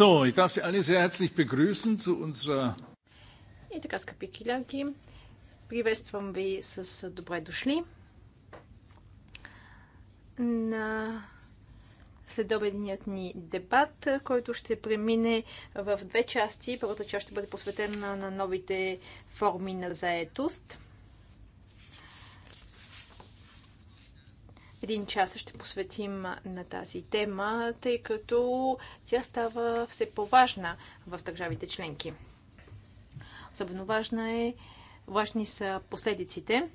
So, ich darf Sie alle sehr herzlich begrüßen zu unserer... И така, скъпи килянки, приветствам ви с добре дошли на следобедният ни дебат, който ще премине в две части. Първата част ще бъде посветена на новите форми на заетост – един час ще посветим на тази тема, тъй като тя става все по-важна в държавите членки. Особено важна е, важни са последиците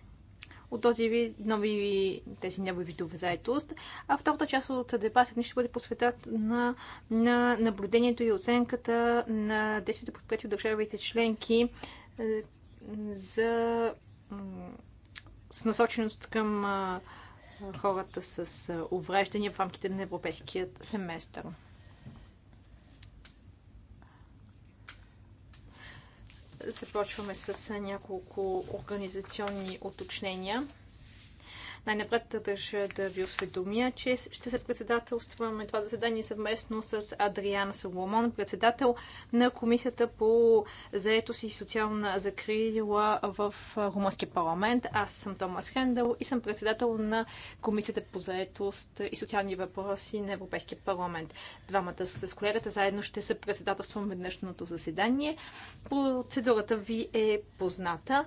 от този ви, нови, тези нови видове заетост. А втората част от дебата ни ще бъде посветат на, на наблюдението и оценката на действията предприяти от държавите членки е, за с насоченост към хората с увреждания в рамките на европейският семестър. Започваме с няколко организационни уточнения. Най-напред държа да ви осведомя, че ще се председателстваме това заседание съвместно с Адриан Соломон, председател на Комисията по заетост и социална закрила в Румънския парламент. Аз съм Томас Хендел и съм председател на Комисията по заетост и социални въпроси на Европейския парламент. Двамата с колегата заедно ще се председателстваме днешното заседание. Процедурата ви е позната.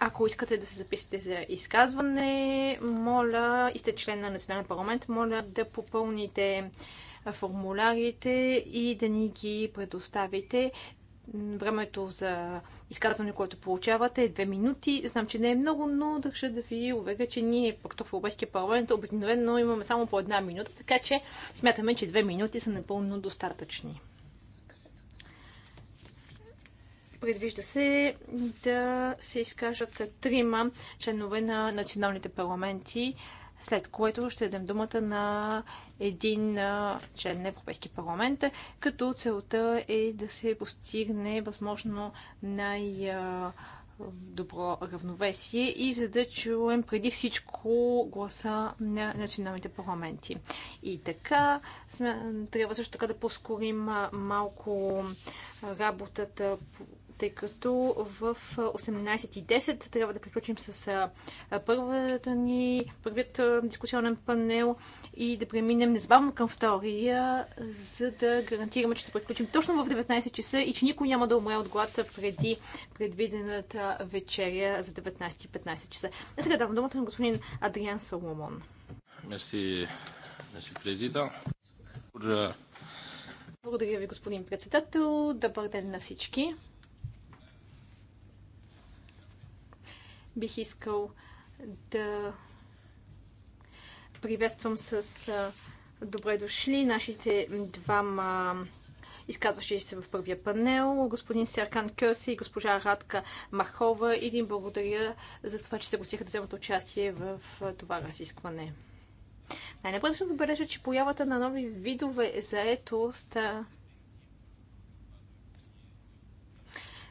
Ако искате да се записате за изказване, моля, и сте член на Национален парламент, моля да попълните формулярите и да ни ги предоставите. Времето за изказване, което получавате е 2 минути. Знам, че не е много, но държа да ви уверя, че ние пък в Европейския парламент обикновено имаме само по една минута, така че смятаме, че 2 минути са напълно достатъчни. Предвижда се да се изкажат трима членове на националните парламенти, след което ще дадем думата на един член на Европейски парламент, като целта е да се постигне възможно най- добро равновесие и за да чуем преди всичко гласа на националните парламенти. И така, трябва също така да поскорим малко работата тъй като в 18.10 трябва да приключим с първата ни, първият дискусионен панел и да преминем незабавно към втория, за да гарантираме, че ще приключим точно в 19 часа и че никой няма да умре от глад преди предвидената вечеря за 19.15 часа. А сега давам думата на господин Адриан Соломон. Меси, меси президент. Благодаря ви, господин председател. Добър ден на всички. Бих искал да приветствам с добре дошли нашите двама изказващи се в първия панел, господин Серкан Кьоси и госпожа Радка Махова. И да им благодаря за това, че се гласиха да вземат участие в това разискване. Най-напред ще отбележа, че появата на нови видове заетост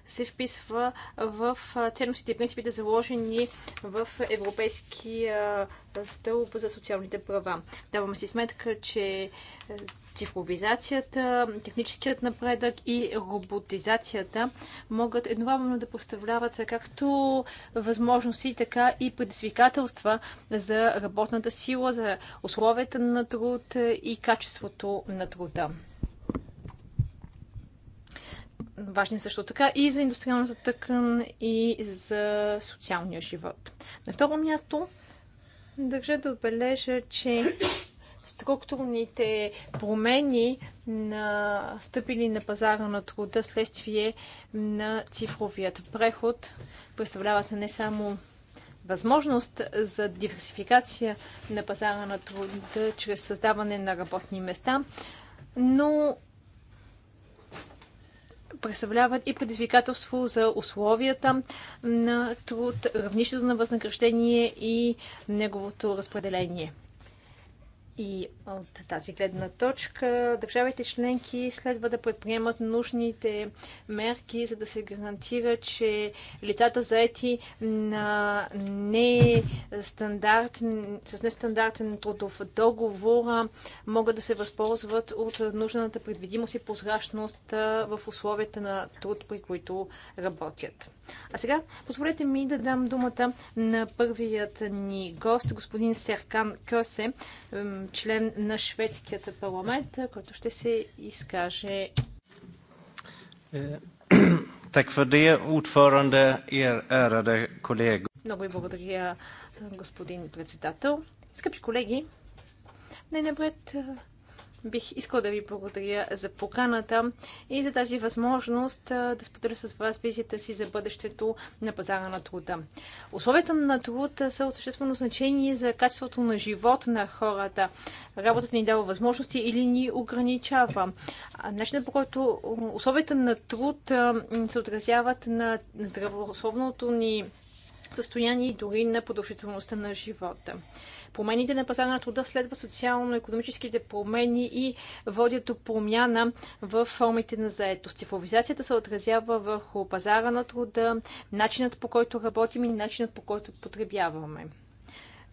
се вписва в ценностите и принципите, заложени в Европейския стълб за социалните права. Даваме си сметка, че цифровизацията, техническият напредък и роботизацията могат едновременно да представляват както възможности, така и предизвикателства за работната сила, за условията на труд и качеството на труда важни също така и за индустриалната тъкан, и за социалния живот. На второ място, държа да отбележа, че структурните промени на стъпили на пазара на труда следствие на цифровият преход представляват не само възможност за диверсификация на пазара на труда чрез създаване на работни места, но представляват и предизвикателство за условията на труд, равнището на възнаграждение и неговото разпределение. И от тази гледна точка държавите членки следва да предприемат нужните мерки, за да се гарантира, че лицата заети на нестандарт, с нестандартен трудов договор могат да се възползват от нужната предвидимост и прозрачност в условията на труд, при които работят. А сега позволете ми да дам думата на първият ни гост, господин Серкан Кьосе, член на шведският парламент, който ще се изкаже. Е, так for det, ordförande, er ärade kollegor. Много ви благодаря, господин председател. Скъпи колеги, най-напред е, бих искал да ви благодаря за поканата и за тази възможност да споделя с вас визията си за бъдещето на пазара на труда. Условията на труд са от съществено значение за качеството на живот на хората. Работата ни дава възможности или ни ограничава. Начинът по който условията на труд се отразяват на здравословното ни състояние и дори на продължителността на живота. Промените на пазара на труда следва социално-економическите промени и водят до промяна в формите на заетост. Цифровизацията се отразява върху пазара на труда, начинът по който работим и начинът по който потребяваме.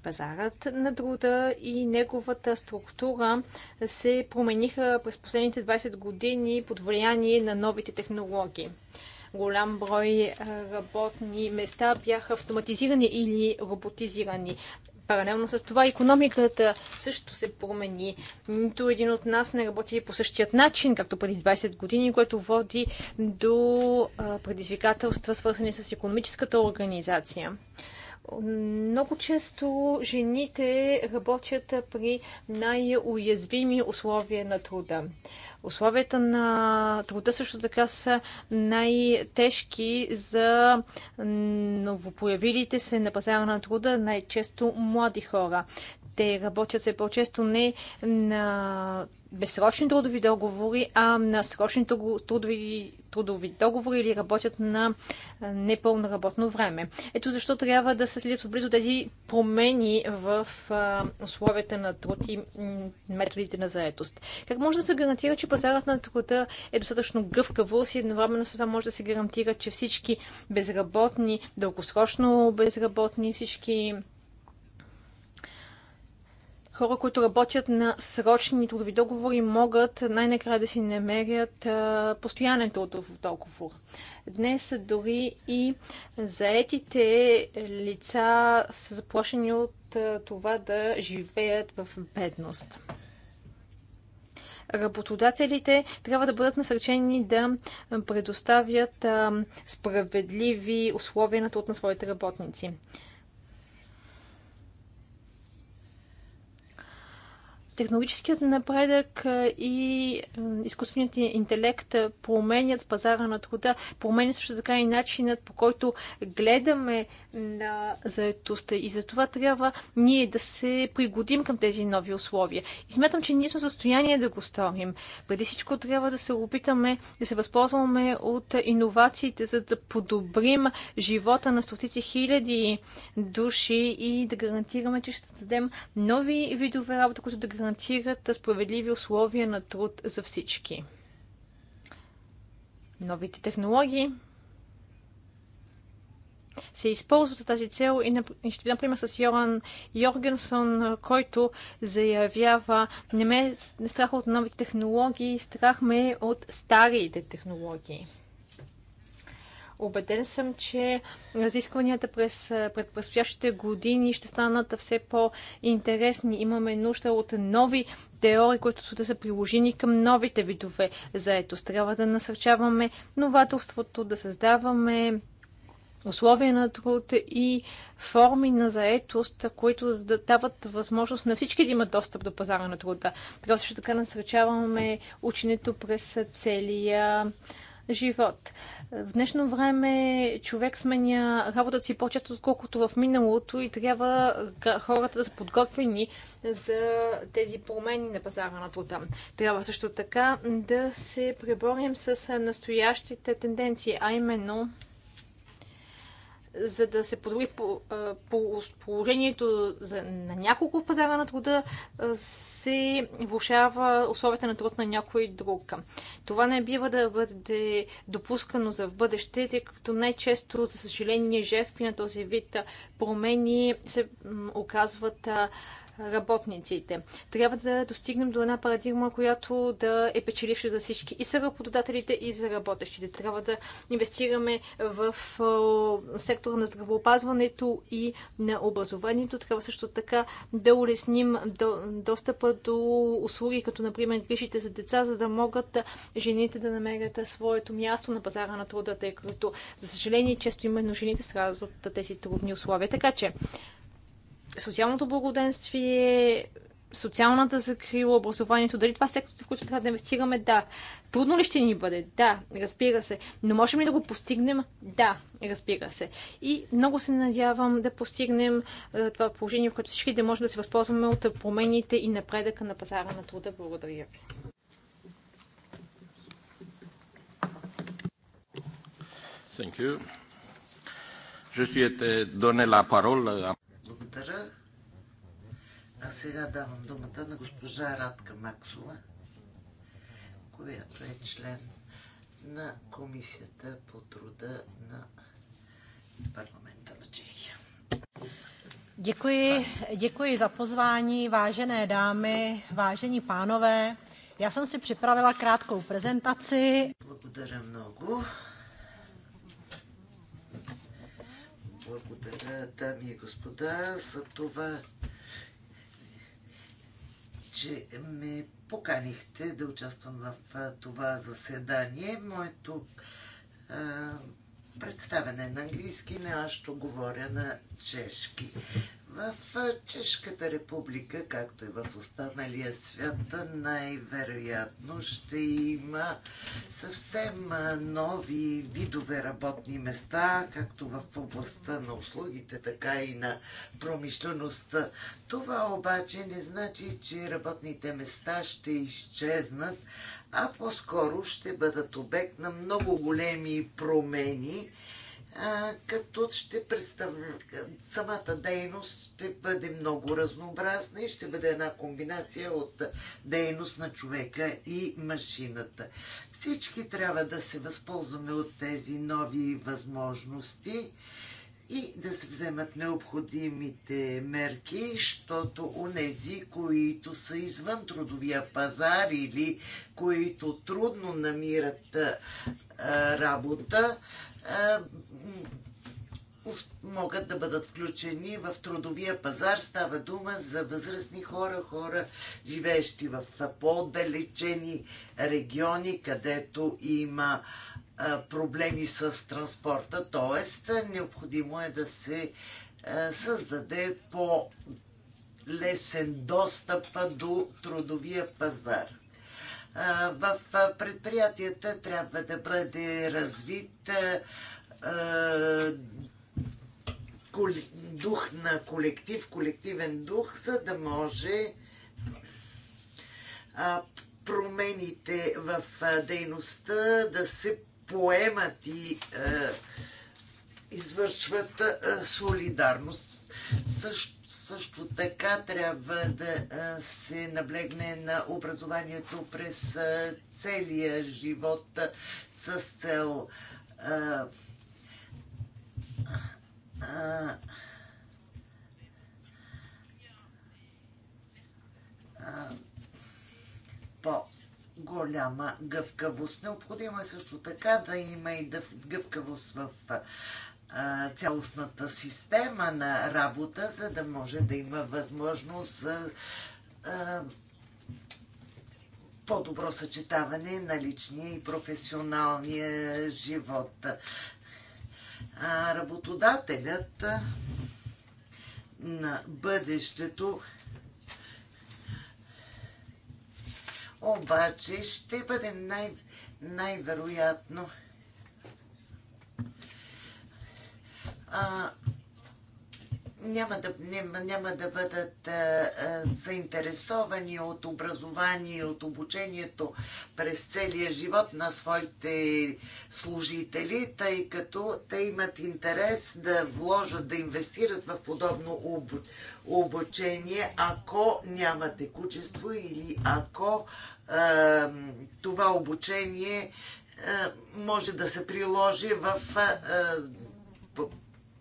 Пазарът на труда и неговата структура се промениха през последните 20 години под влияние на новите технологии голям брой е, работни места бяха автоматизирани или роботизирани. Паралелно с това економиката също се промени. Нито един от нас не работи по същият начин, както преди 20 години, което води до предизвикателства, свързани с економическата организация. Много често жените работят при най-уязвими условия на труда. Условията на труда също така са най-тежки за новопоявилите се на пазара на труда, най-често млади хора те работят все по-често не на безсрочни трудови договори, а на срочни трудови, трудови договори или работят на непълно работно време. Ето защо трябва да се следят отблизо тези промени в условията на труд и методите на заетост. Как може да се гарантира, че пазарът на труда е достатъчно гъвкаво и едновременно с това може да се гарантира, че всички безработни, дългосрочно безработни, всички хора, които работят на срочни трудови договори, могат най-накрая да си намерят постоянен трудов договор. Днес дори и заетите лица са заплашени от това да живеят в бедност работодателите трябва да бъдат насърчени да предоставят справедливи условия на труд на своите работници. технологическият напредък и изкуственият интелект променят пазара на труда, променят също така и начинът по който гледаме на заетостта и за това трябва ние да се пригодим към тези нови условия. И смятам, че ние сме в състояние да го сторим. Преди всичко трябва да се опитаме да се възползваме от иновациите, за да подобрим живота на стотици хиляди души и да гарантираме, че ще дадем нови видове работа, които да гарантираме гарантират справедливи условия на труд за всички. Новите технологии се използват за тази цел и ще например с Йоран Йоргенсон, който заявява не ме страх от новите технологии, страх ме от старите технологии. Обеден съм, че разискванията през предпредстоящите години ще станат все по-интересни. Имаме нужда от нови теории, които да са приложени към новите видове заетост. Трябва да насърчаваме новаторството, да създаваме условия на труд и форми на заетост, които дават възможност на всички да имат достъп до пазара на труда. Трябва също така насръчаваме ученето през целия живот. В днешно време човек сменя работата си по-често, отколкото в миналото и трябва хората да са подготвени за тези промени на пазара на труда. Трябва също така да се преборим с настоящите тенденции, а именно за да се подобри по, по, положението за, на няколко в пазара на труда, се влушава условията на труд на някой друг. Това не бива да бъде допускано за в бъдеще, тъй като най-често, за съжаление, жертви на този вид промени се оказват работниците. Трябва да достигнем до една парадигма, която да е печеливша за всички и за работодателите, и за работещите. Трябва да инвестираме в сектора на здравеопазването и на образованието. Трябва също така да улесним достъпа до услуги, като например грижите за деца, за да могат жените да намерят своето място на пазара на труда, тъй като, за съжаление, често именно жените страдат от тези трудни условия. Така че, социалното благоденствие, социалната закрила, образованието, дали това секторите, в които трябва да инвестираме, да. Трудно ли ще ни бъде? Да, разбира се. Но можем ли да го постигнем? Да, разбира се. И много се надявам да постигнем това положение, в което всички да можем да се възползваме от промените и напредъка на пазара на труда. Благодаря ви. Thank you. Je suis été donné la parole à euh, благодаря. А сега давам думата на госпожа Радка Максова, която е член на Комисията по труда на парламента на Чехия. Děkuji, děkuji za pozvání, vážené dámy, vážení pánové. Já jsem si připravila krátkou prezentaci. Благодаря много. Благодаря, дами и господа, за това, че ме поканихте да участвам в това заседание. Моето представене на английски, не аз ще говоря на чешки. В Чешката република, както и в останалия свят, най-вероятно ще има съвсем нови видове работни места, както в областта на услугите, така и на промишлеността. Това обаче не значи, че работните места ще изчезнат, а по-скоро ще бъдат обект на много големи промени, като ще представя самата дейност ще бъде много разнообразна и ще бъде една комбинация от дейност на човека и машината. Всички трябва да се възползваме от тези нови възможности и да се вземат необходимите мерки, защото нези, които са извън трудовия пазар или които трудно намират а, работа, а, могат да бъдат включени в трудовия пазар. Става дума за възрастни хора, хора, живеещи в по-отдалечени региони, където има проблеми с транспорта, т.е. необходимо е да се създаде по лесен достъп до трудовия пазар. В предприятията трябва да бъде развит дух на колектив, колективен дух, за да може промените в дейността да се поемат и е, извършват е, солидарност. Също, също така трябва да е, се наблегне на образованието през целия живот с цел е, а, а, по голяма гъвкавост. Необходимо е също така да има и гъвкавост в цялостната система на работа, за да може да има възможност за по-добро съчетаване на личния и професионалния живот. А работодателят на бъдещето обаче ще бъде най- най-вероятно а, няма да, няма, няма да бъдат а, а, заинтересовани от образование, от обучението през целия живот на своите служители, тъй като те имат интерес да вложат, да инвестират в подобно обучение, ако няма текучество или ако това обучение може да се приложи в,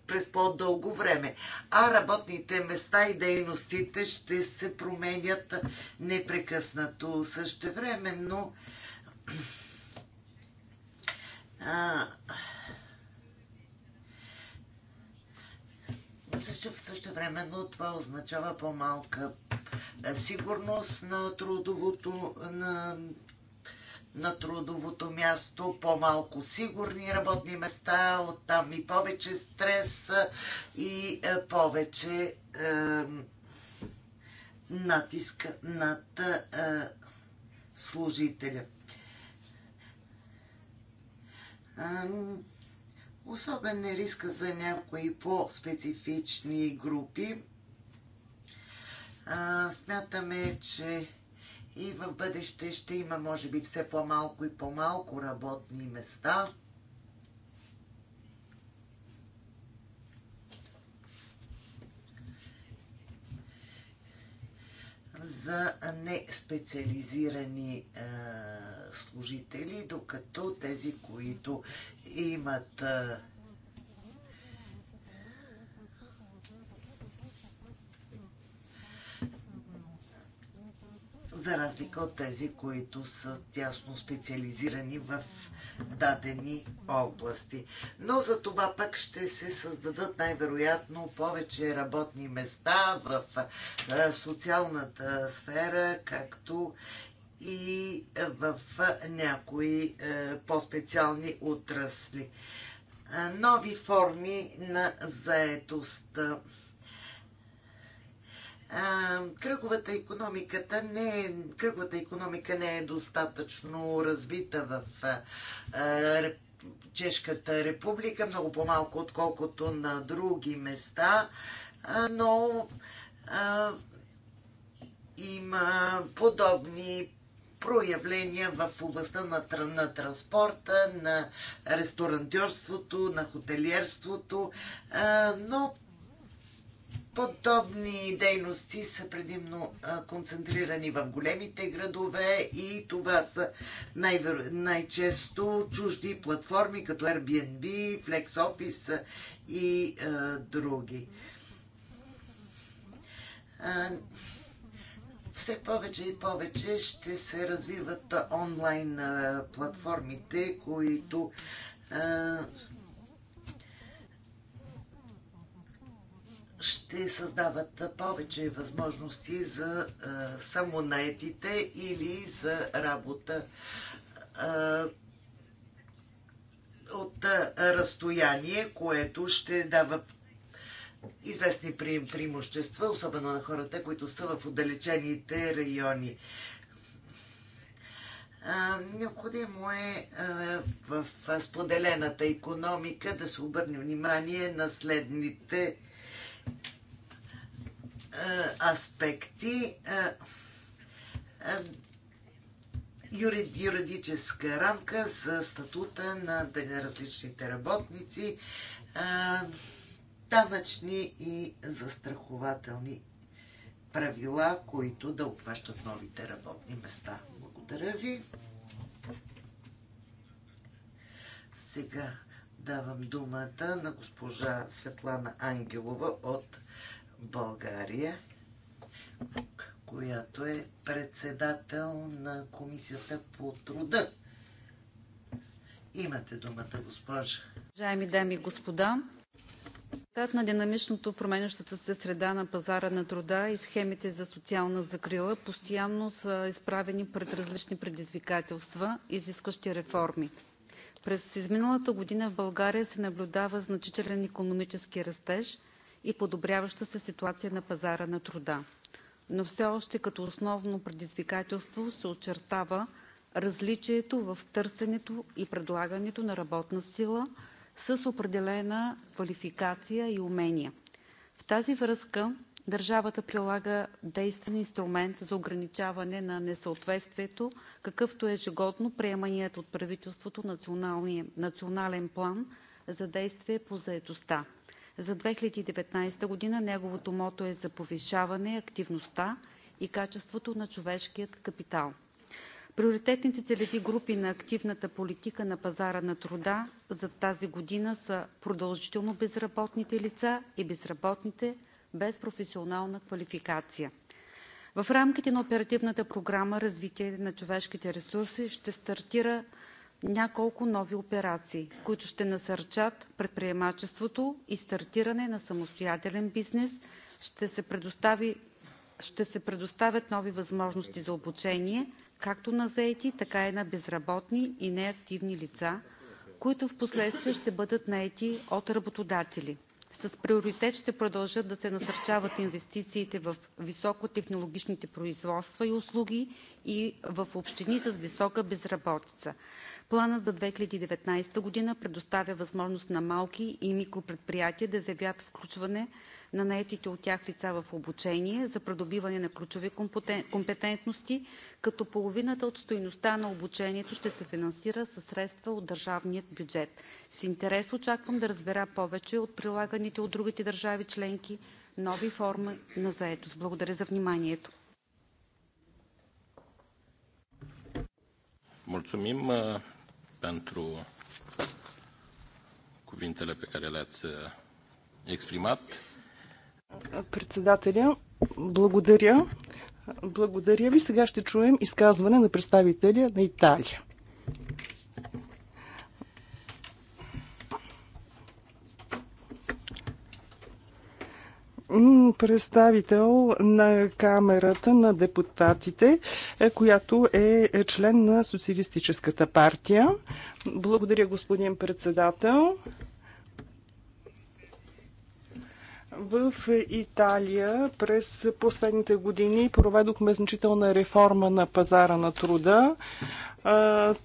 през по-дълго време. А работните места и дейностите ще се променят непрекъснато същевременно. А, Също времено това означава по-малка е, сигурност на трудовото, на, на трудовото място, по-малко сигурни работни места, оттам и повече стрес е, и е, повече е, натиск над е, служителя. Особен е риска за някои по-специфични групи. А, смятаме, че и в бъдеще ще има, може би, все по-малко и по-малко работни места. за неспециализирани е, служители, докато тези, които имат е, за разлика от тези, които са тясно специализирани в дадени области. Но за това пък ще се създадат най-вероятно повече работни места в социалната сфера, както и в някои по-специални отрасли. Нови форми на заетост кръговата економиката не е, кръговата економика не е достатъчно развита в Чешката република, много по-малко отколкото на други места, но има подобни проявления в областта на, на транспорта, на ресторантьорството, на хотелиерството, но Подобни дейности са предимно концентрирани в големите градове и това са най- най-често чужди платформи като Airbnb, FlexOffice и а, други. А, все повече и повече ще се развиват онлайн платформите, които ще създават повече възможности за самонаетите или за работа от разстояние, което ще дава известни преимущества, особено на хората, които са в отдалечените райони. Необходимо е в споделената економика да се обърне внимание на следните е, аспекти е, е, юридическа рамка за статута на различните работници, данъчни и застрахователни правила, които да обхващат новите работни места. Благодаря ви. Сега Давам думата на госпожа Светлана Ангелова от България, която е председател на Комисията по труда. Имате думата, госпожа. Уважаеми дами и господа, Тат на динамичното променящата се среда на пазара на труда и схемите за социална закрила постоянно са изправени пред различни предизвикателства, изискващи реформи. През изминалата година в България се наблюдава значителен економически растеж и подобряваща се ситуация на пазара на труда. Но все още като основно предизвикателство се очертава различието в търсенето и предлагането на работна сила с определена квалификация и умения. В тази връзка държавата прилага действен инструмент за ограничаване на несъответствието, какъвто е ежегодно приеманият от правителството Национален план за действие по заетостта. За 2019 година неговото мото е за повишаване активността и качеството на човешкият капитал. Приоритетните целеви групи на активната политика на пазара на труда за тази година са продължително безработните лица и безработните, без професионална квалификация. В рамките на Оперативната програма „Развитие на човешките ресурси“ ще стартира няколко нови операции, които ще насърчат предприемачеството и стартиране на самостоятелен бизнес, ще се предоставят нови възможности за обучение както на заети, така и на безработни и неактивни лица, които в последствие ще бъдат наети от работодатели. С приоритет ще продължат да се насърчават инвестициите в високотехнологичните производства и услуги и в общини с висока безработица. Планът за 2019 година предоставя възможност на малки и микропредприятия да заявят включване на наетите от тях лица в обучение за придобиване на ключови компетентности, като половината от стойността на обучението ще се финансира със средства от държавния бюджет. С интерес очаквам да разбера повече от прилаганите от другите държави членки нови форми на заетост. Благодаря за вниманието. Mulțumim pentru cuvintele pe care le-ați exprimat. Председателя, благодаря. Благодаря ви. Сега ще чуем изказване на представителя на Италия. представител на камерата на депутатите, е, която е член на Социалистическата партия. Благодаря, господин председател. В Италия през последните години проведохме значителна реформа на пазара на труда.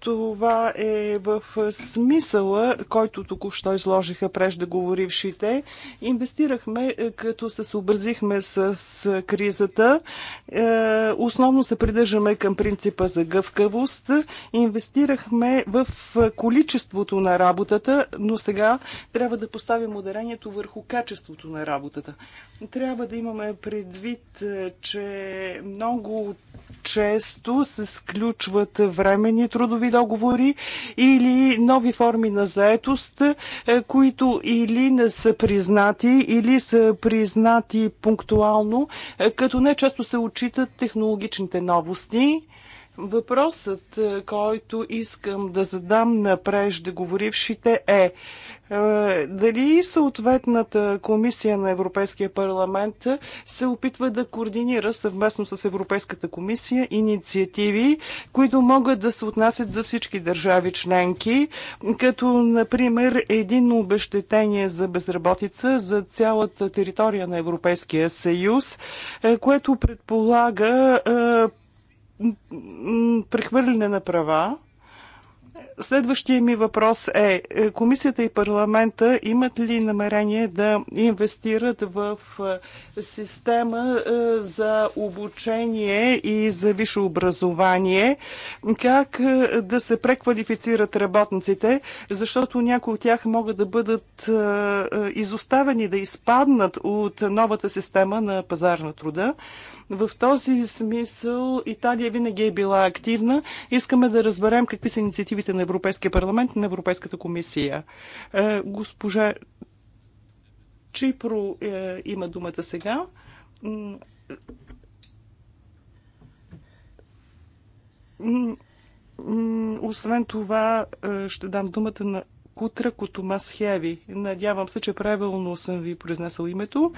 Това е в смисъла, който току-що изложиха преждеговорившите. Инвестирахме, е, като се съобразихме с кризата. Е, основно се придържаме към принципа за гъвкавост. Инвестирахме в количеството на работата, но сега трябва да поставим ударението върху качеството на работата. Трябва да имаме предвид, е, че много често се сключват време временни трудови договори или нови форми на заетост, е, които или не са признати, или са признати пунктуално, е, като не често се отчитат технологичните новости. Въпросът, е, който искам да задам на преждеговорившите е, е дали съответната комисия на Европейския парламент се опитва да координира съвместно с Европейската комисия инициативи, които могат да се отнасят за всички държави членки, като например един обещетение за безработица за цялата територия на Европейския съюз, е, което предполага прехвърляне на права Следващия ми въпрос е, е, комисията и парламента имат ли намерение да инвестират в е, система е, за обучение и за висше образование? Как да се преквалифицират работниците, защото някои от тях могат да бъдат изоставени, да изпаднат от новата система на пазар на труда? В този смисъл Италия винаги е била активна. Искаме да разберем какви са инициативите на Европейския парламент и на Европейската комисия. Е, госпожа Чипро е, има думата сега. Освен това, е, ще дам думата на Кутра Котомас Хеви. Надявам се, че правилно съм ви произнесъл името.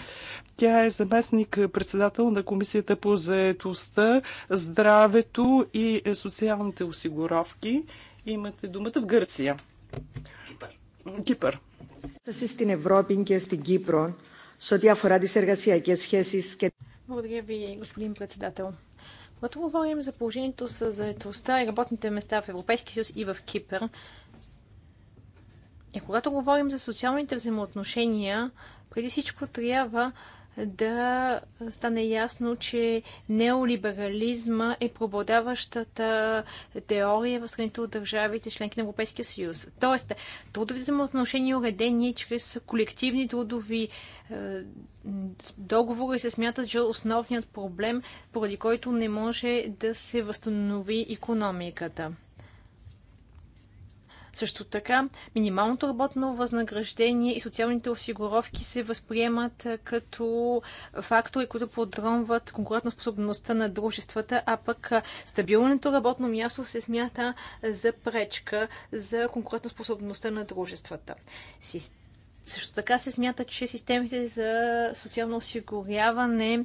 Тя е заместник председател на Комисията по заетостта, здравето и социалните осигуровки. Имате думата в Гърция. Кипър. Кипър. Στην Ευρώπη και στην Κύπρο, σε ό,τι αφορά τις εργασιακές σχέσεις και... Благодаря ви, господин председател. Когато говорим за положението с заедността и работните места в Европейския съюз и в Кипър, и когато говорим за социалните взаимоотношения, преди всичко трябва да стане ясно, че неолиберализма е преобладаващата теория в страните от държавите, членки на Европейския съюз. Тоест, трудови взаимоотношения уредени чрез колективни трудови е, договори се смятат, че е основният проблем, поради който не може да се възстанови економиката. Също така, минималното работно възнаграждение и социалните осигуровки се възприемат като фактори, които подронват конкурентоспособността на дружествата, а пък стабилното работно място се смята за пречка за конкурентоспособността на дружествата. Система също така се смята, че системите за социално осигуряване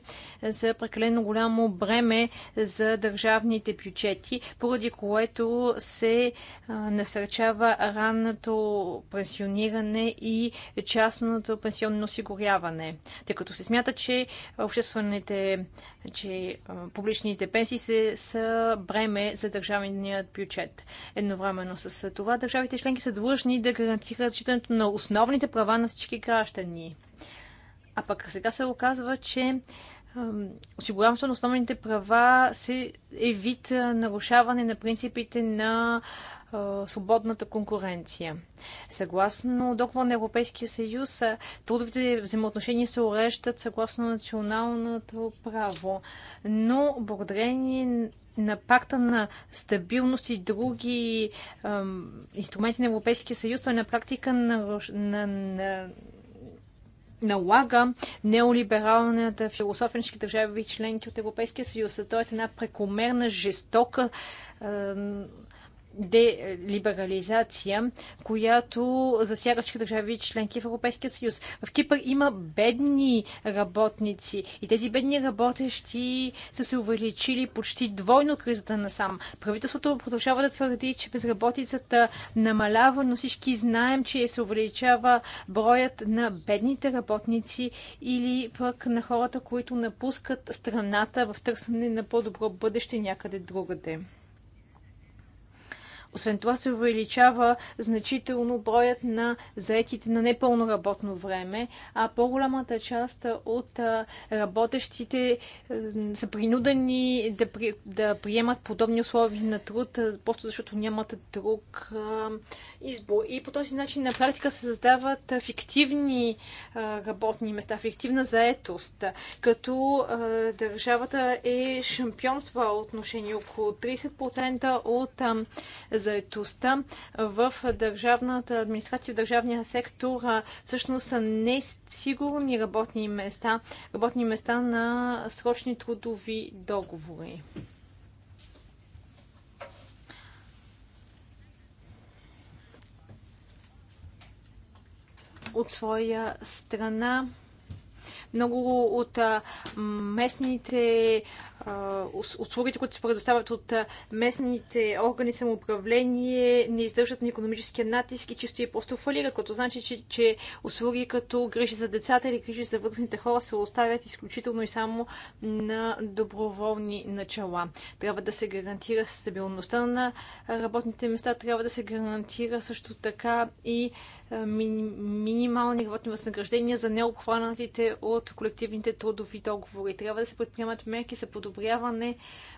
са прекалено голямо бреме за държавните бюджети, поради което се насърчава ранното пенсиониране и частното пенсионно осигуряване. Тъй като се смята, че обществените, че публичните пенсии се, са бреме за държавният бюджет. Едновременно с това държавите членки са длъжни да гарантират защитането на основните права глава на всички граждани. А пък сега се оказва, че осигуряването на основните права се е вид нарушаване на принципите на свободната конкуренция. Съгласно договор на Европейския съюз, трудовите взаимоотношения се уреждат съгласно националното право, но благодарение на пакта на стабилност и други ем, инструменти на Европейския съюз, той на практика на, на, на, налага неолибералната философия на държави и членки от Европейския съюз. той е една прекомерна, жестока е, делиберализация, която засяга всички държави членки в Европейския съюз. В Кипър има бедни работници и тези бедни работещи са се увеличили почти двойно кризата насам. Правителството продължава да твърди, че безработицата намалява, но всички знаем, че се увеличава броят на бедните работници или пък на хората, които напускат страната в търсене на по-добро бъдеще някъде другаде. Освен това се увеличава значително броят на заетите на непълно работно време, а по-голямата част от работещите е, са принудени да, при, да приемат подобни условия на труд, просто защото нямат друг избор. И по този начин на практика се създават фиктивни работни места, фиктивна заетост, като държавата е шампион в това отношение. Около 30% от заетостта в държавната администрация, в държавния сектор всъщност са несигурни работни места, работни места на срочни трудови договори. От своя страна много от местните услугите, които се предоставят от местните органи самоуправление, не издържат на економическия натиск и чисто и просто фалират, което значи, че, че услуги като грижи за децата или грижи за възрастните хора се оставят изключително и само на доброволни начала. Трябва да се гарантира стабилността на работните места, трябва да се гарантира също така и минимални работни възнаграждения за необхванатите от колективните трудови договори. Трябва да се предприемат мерки за под подобряване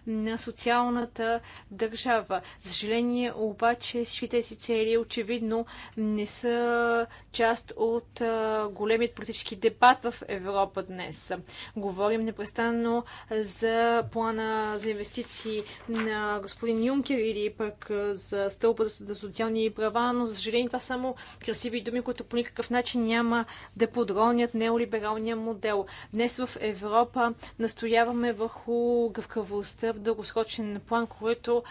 на социалната държава. За съжаление, обаче, всички тези цели очевидно не са част от големият политически дебат в Европа днес. Говорим непрестанно за плана за инвестиции на господин Юнкер или пък за стълба за социални права, но за съжаление това само красиви думи, които по никакъв начин няма да подронят неолибералния модел. Днес в Европа настояваме върху гъвкавостта в дългосрочен план, което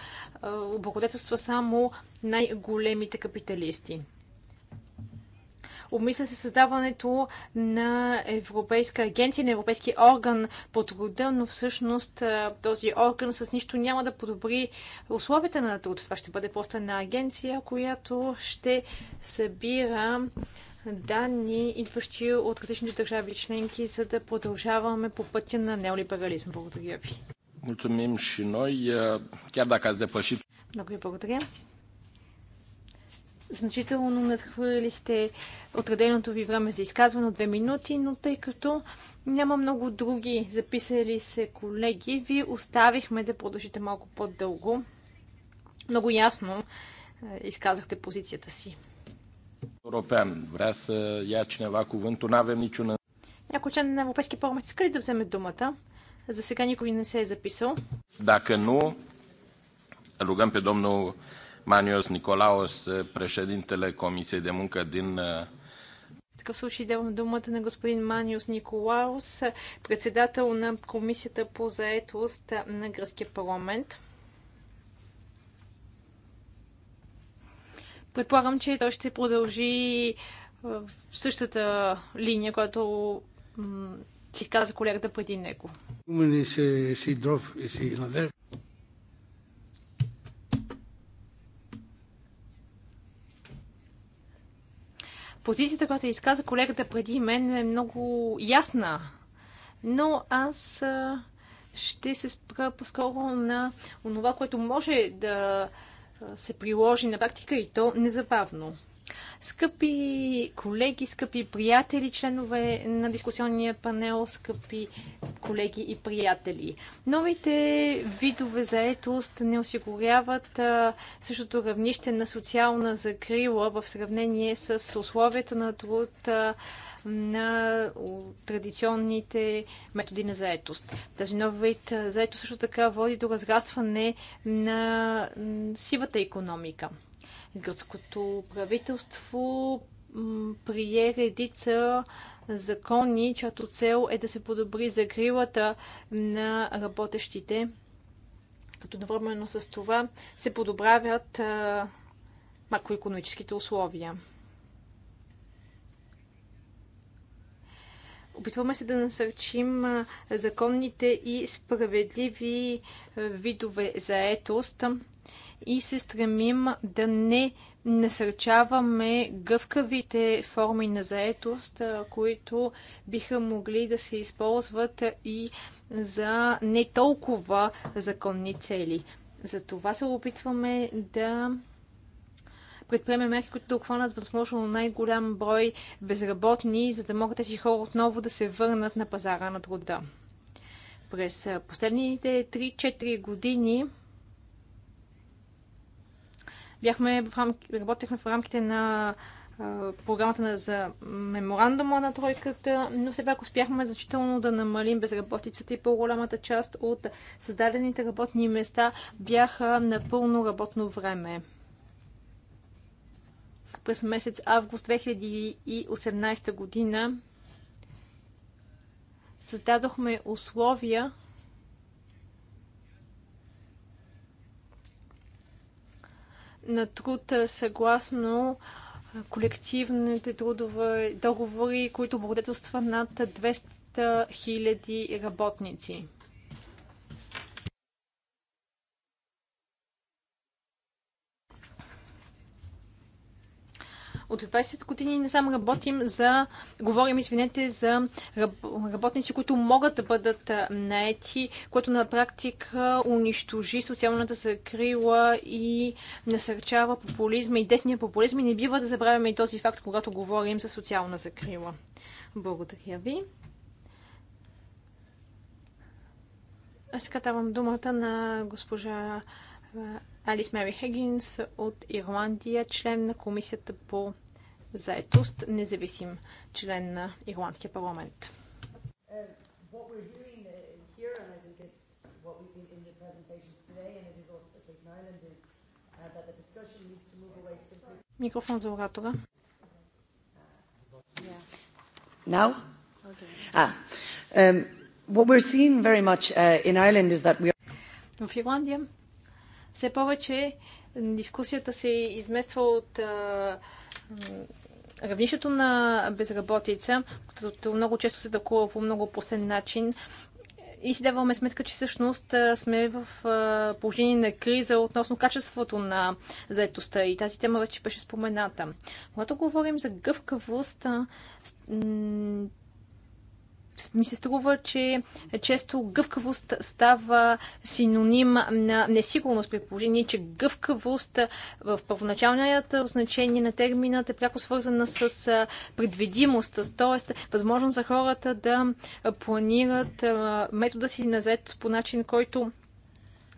облагодетелства само най-големите капиталисти. Обмисля се създаването на Европейска агенция, на Европейски орган по труда, но всъщност този орган с нищо няма да подобри условията на труд. Това ще бъде просто една агенция, която ще събира данни, идващи от различните държави членки, за да продължаваме по пътя на неолиберализма. Благодаря ви. Мултумим Шиной, тя да каза да depășit. Много ви благодаря. Значително надхвърлихте отреденото ви време за изказване от две минути, но тъй като няма много други записали се колеги, ви оставихме да продължите малко по-дълго. Много ясно е, изказахте позицията си. European. Vrea să ia cineva cuvântul, nu avem niciun... Някой член на Европейския парламент иска ли да вземе думата? За сега никой не се е записал. Дака nu, rugăm pe domnul Manios Nicolaos, eh, președintele Comisiei de Muncă din eh, в такъв случай давам думата на господин Маниус Николаус, председател на Комисията по заетост на Гръцкия парламент. Предполагам, че той ще продължи в същата линия, която си каза колегата преди него. Позицията, която изказа колегата преди мен е много ясна, но аз ще се спра по-скоро на това, което може да се приложи на практика и то незабавно. Скъпи колеги, скъпи приятели, членове на дискусионния панел, скъпи колеги и приятели. Новите видове заетост не осигуряват същото равнище на социална закрила в сравнение с условията на труд на традиционните методи на заетост. Тази нов вид заетост също така води до разрастване на сивата економика. Гръцкото правителство прие редица закони, чиято цел е да се подобри закрилата на работещите, като едновременно с това се подобравят макроекономическите условия. Опитваме се да насърчим законните и справедливи видове заетост и се стремим да не насърчаваме гъвкавите форми на заетост, които биха могли да се използват и за не толкова законни цели. За това се опитваме да предприеме мерки, които да обхванат възможно най-голям брой безработни, за да могат тези хора отново да се върнат на пазара на труда. През последните 3-4 години бяхме в рамки, работехме в рамките на програмата за меморандума на тройката, но все пак успяхме значително да намалим безработицата и по-голямата част от създадените работни места бяха на пълно работно време през месец август 2018 година създадохме условия на труд съгласно колективните трудове договори, които благодетелства над 200 000 работници. От 20 години не само работим за, говорим, извинете, за работници, които могат да бъдат наети, което на практика унищожи социалната закрила и насърчава популизма и десния популизма, И не бива да забравяме и този факт, когато говорим за социална закрила. Благодаря ви. Аз сега давам думата на госпожа Алис Мери Хегинс от Ирландия, член на Комисията по заетост, независим член на Ирландския парламент. Микрофон за оратора. Now? Okay. Ah. Um, what we're seeing very much uh, in Ireland is that we are... В Ирландия все повече дискусията се измества от равнището на безработица, като много често се такува по много постен начин. И си даваме сметка, че всъщност сме в положение на криза относно качеството на заетостта. И тази тема вече беше спомената. Когато говорим за гъвкавост, ми се струва, че често гъвкавост става синоним на несигурност при положение, че гъвкавост в първоначалното значение на терминът е пряко свързана с предвидимост, т.е. възможност за хората да планират метода си на заетост по начин, който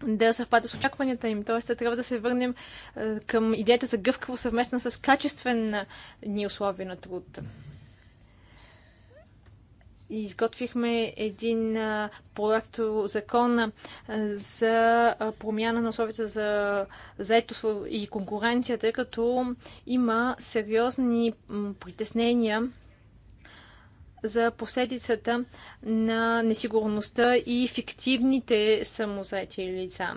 да съвпада с очакванията им. Тоест, трябва да се върнем към идеята за гъвкаво съвместна с качествени условия на труд изготвихме един проект закон за промяна на условията за заетост и конкуренция, тъй като има сериозни притеснения за последицата на несигурността и фиктивните самозаети лица.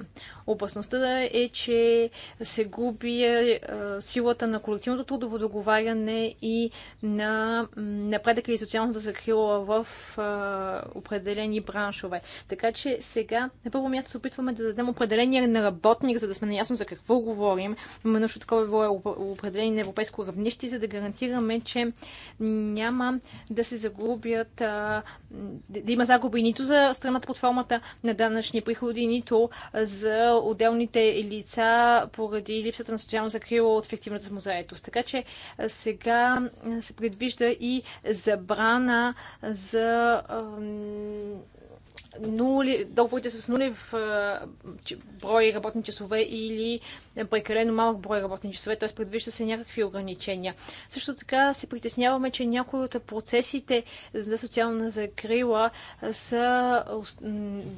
Опасността е, че се губи е, силата на колективното трудово договаряне и на напредъка и социалната закрила в определени браншове. Така че сега на първо място се опитваме да дадем определение на работник, за да сме наясно за какво говорим. Има нужда такова определение на европейско равнище, за да гарантираме, че няма да се загубят, а, да има загуби нито за страната под формата на данъчни приходи, нито за отделните лица поради липсата на социална закрила от фиктивната самозаетост. Така че сега се предвижда и забрана за нули, договорите с нулев брой работни часове или прекалено малък брой работни часове, т.е. предвижда се някакви ограничения. Също така се притесняваме, че някои от процесите за социална закрила са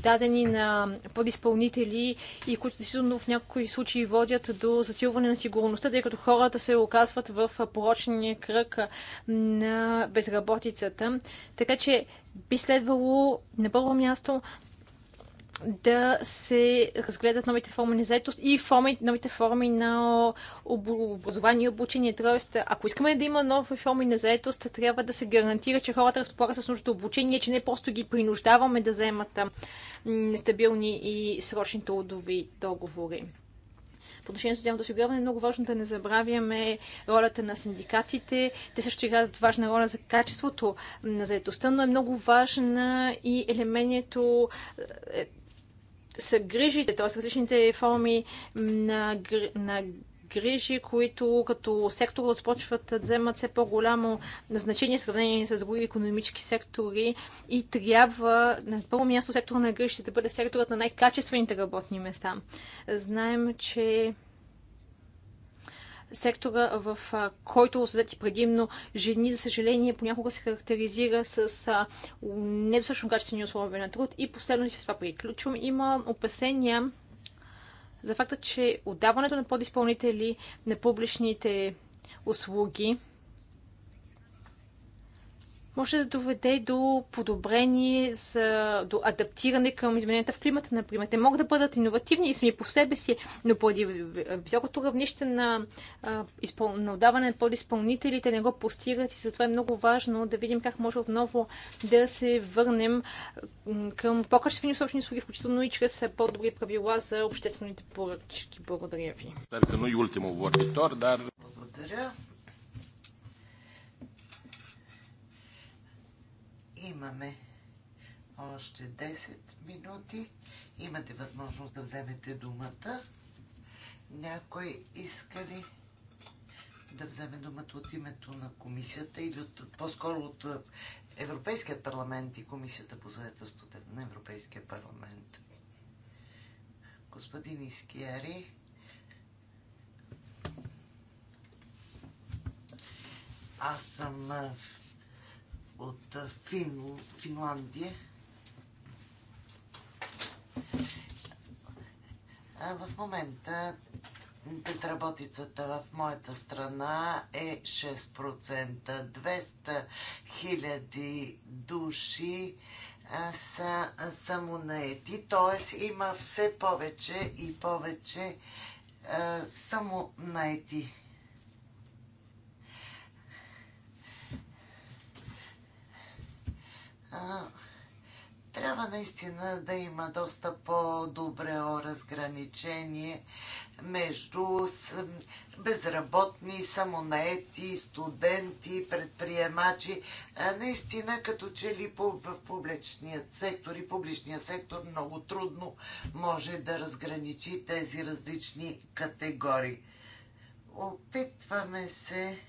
дадени на подизпълнители и които действително в някои случаи водят до засилване на сигурността, тъй като хората се оказват в порочния кръг на безработицата. Така че би следвало на първо място да се разгледат новите форми на заетост и форми, новите форми на образование и обучение. Тоест, ако искаме да има нови форми на заетост, трябва да се гарантира, че хората разполагат с нужното обучение, че не просто ги принуждаваме да вземат нестабилни и срочни трудови договори. По отношение на социалното осигуряване е много важно да не забравяме ролята на синдикатите. Те също играят важна роля за качеството на заедостта, но е много важна и елемението е, са грижите, т.е. различните форми на, на грижи, които като сектор започват да вземат все по-голямо значение в сравнение с други економически сектори и трябва на първо място сектора на грижите да бъде секторът на най-качествените работни места. Знаем, че сектора, в който са взети предимно жени, за съжаление, понякога се характеризира с недостатъчно качествени условия на труд. И последно, си с това приключвам, има опасения за факта, че отдаването на подизпълнители на публичните услуги може да доведе до подобрение, за, до адаптиране към измененията в климата, например. Те могат да бъдат иновативни и сами по себе си, но поради високото равнище на, на отдаване на изпълнителите, не го постигат и затова е много важно да видим как може отново да се върнем към по-качествени собствени услуги, включително и чрез по-добри правила за обществените поръчки. Благодаря ви. Благодаря. Имаме още 10 минути. Имате възможност да вземете думата. Някой иска ли да вземе думата от името на комисията или от, по-скоро от е, Европейският парламент и комисията по заедостта на Европейския парламент? Господин Искиари. аз съм е, от Фин, Финландия. А в момента безработицата в моята страна е 6%. 200 000 души са самонаети, т.е. има все повече и повече самонаети. трябва наистина да има доста по-добре разграничение между безработни, самонаети, студенти, предприемачи. Наистина, като че ли в публичният сектор и публичния сектор много трудно може да разграничи тези различни категории. Опитваме се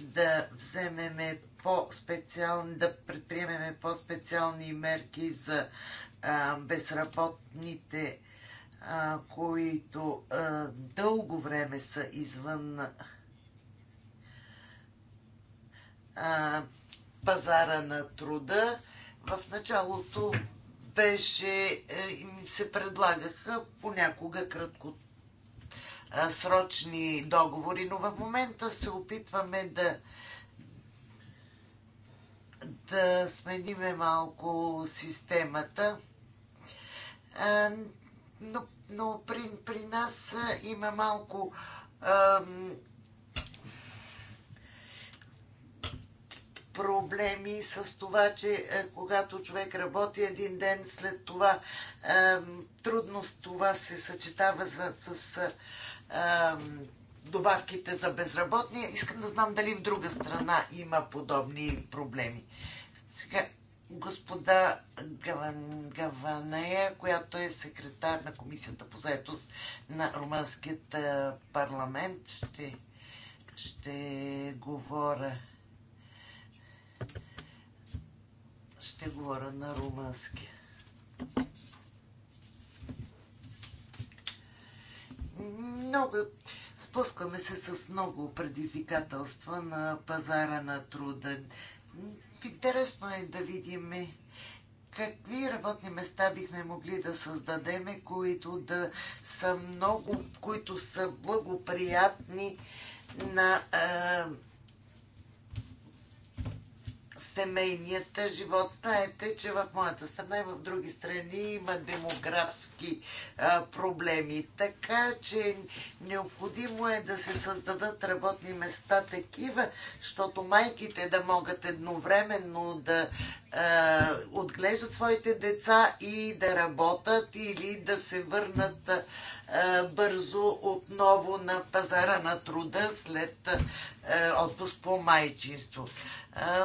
да вземеме по-специални, да предприемеме по-специални мерки за а, безработните, а, които а, дълго време са извън а, пазара на труда. В началото беше, е, им се предлагаха понякога кратко срочни договори, но в момента се опитваме да да смениме малко системата. Но, но при, при нас има малко проблеми с това, че е, когато човек работи един ден, след това е, трудност това се съчетава за, с е, добавките за безработни. Искам да знам дали в друга страна има подобни проблеми. Сега, господа Гаван, Гаванея, която е секретар на Комисията по заетост на Румънският е, парламент, ще, ще говоря ще говоря на румънски. Много Спускаме се с много предизвикателства на пазара на труда. Интересно е да видим какви работни места бихме могли да създадем, които да са много, които са благоприятни на е, семейният живот. Знаете, че в моята страна и в други страни има демографски а, проблеми. Така че необходимо е да се създадат работни места такива, защото майките да могат едновременно да а, отглеждат своите деца и да работят или да се върнат а, бързо отново на пазара на труда след а, отпуск по майчинство.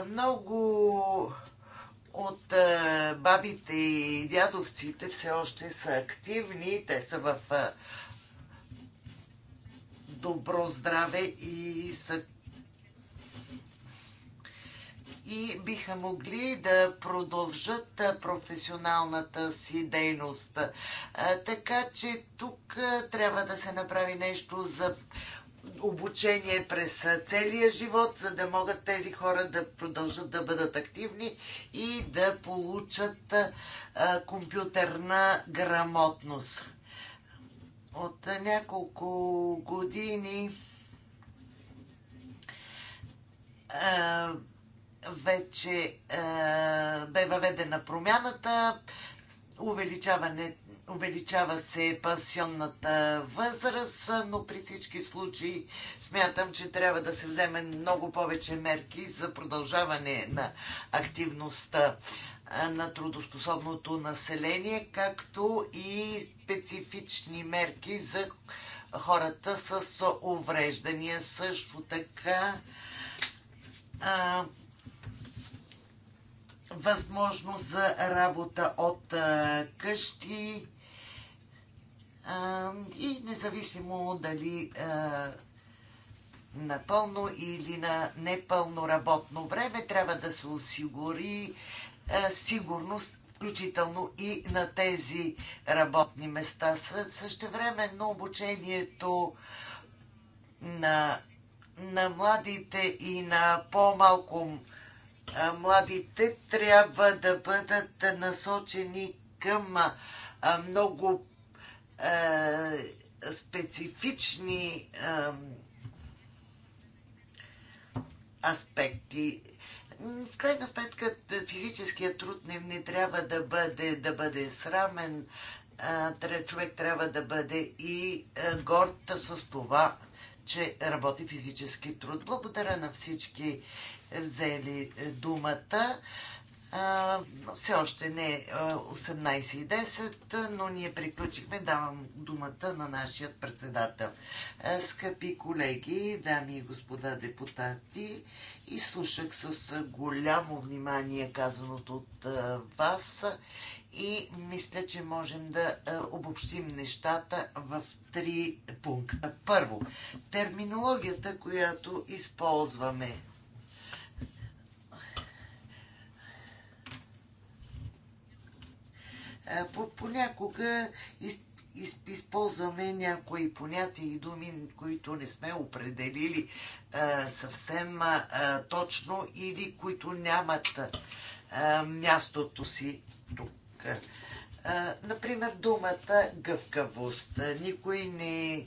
Много от бабите и дядовците все още са активни, те са в добро здраве и са и биха могли да продължат професионалната си дейност. Така че тук трябва да се направи нещо за обучение през целия живот, за да могат тези хора да продължат да бъдат активни и да получат компютърна грамотност. От няколко години вече бе въведена промяната, увеличаване Увеличава се пасионната възраст, но при всички случаи смятам, че трябва да се вземе много повече мерки за продължаване на активността на трудоспособното население, както и специфични мерки за хората с увреждания. Също така а, възможност за работа от а, къщи и независимо дали на пълно или на непълно работно време трябва да се осигури сигурност, включително и на тези работни места. Същевременно обучението на, на младите и на по-малко младите трябва да бъдат насочени към много е, специфични е, аспекти. В крайна сметка физическият труд не, не трябва да бъде, да бъде срамен. Е, човек трябва да бъде и горд с това, че работи физически труд. Благодаря на всички взели думата все още не е 18.10, но ние приключихме. Давам думата на нашия председател. Скъпи колеги, дами и господа депутати, изслушах с голямо внимание казаното от вас и мисля, че можем да обобщим нещата в три пункта. Първо, терминологията, която използваме понякога из, из, използваме някои понятия и думи, които не сме определили а, съвсем а, точно или които нямат а, мястото си тук. Например, думата гъвкавост. Никой не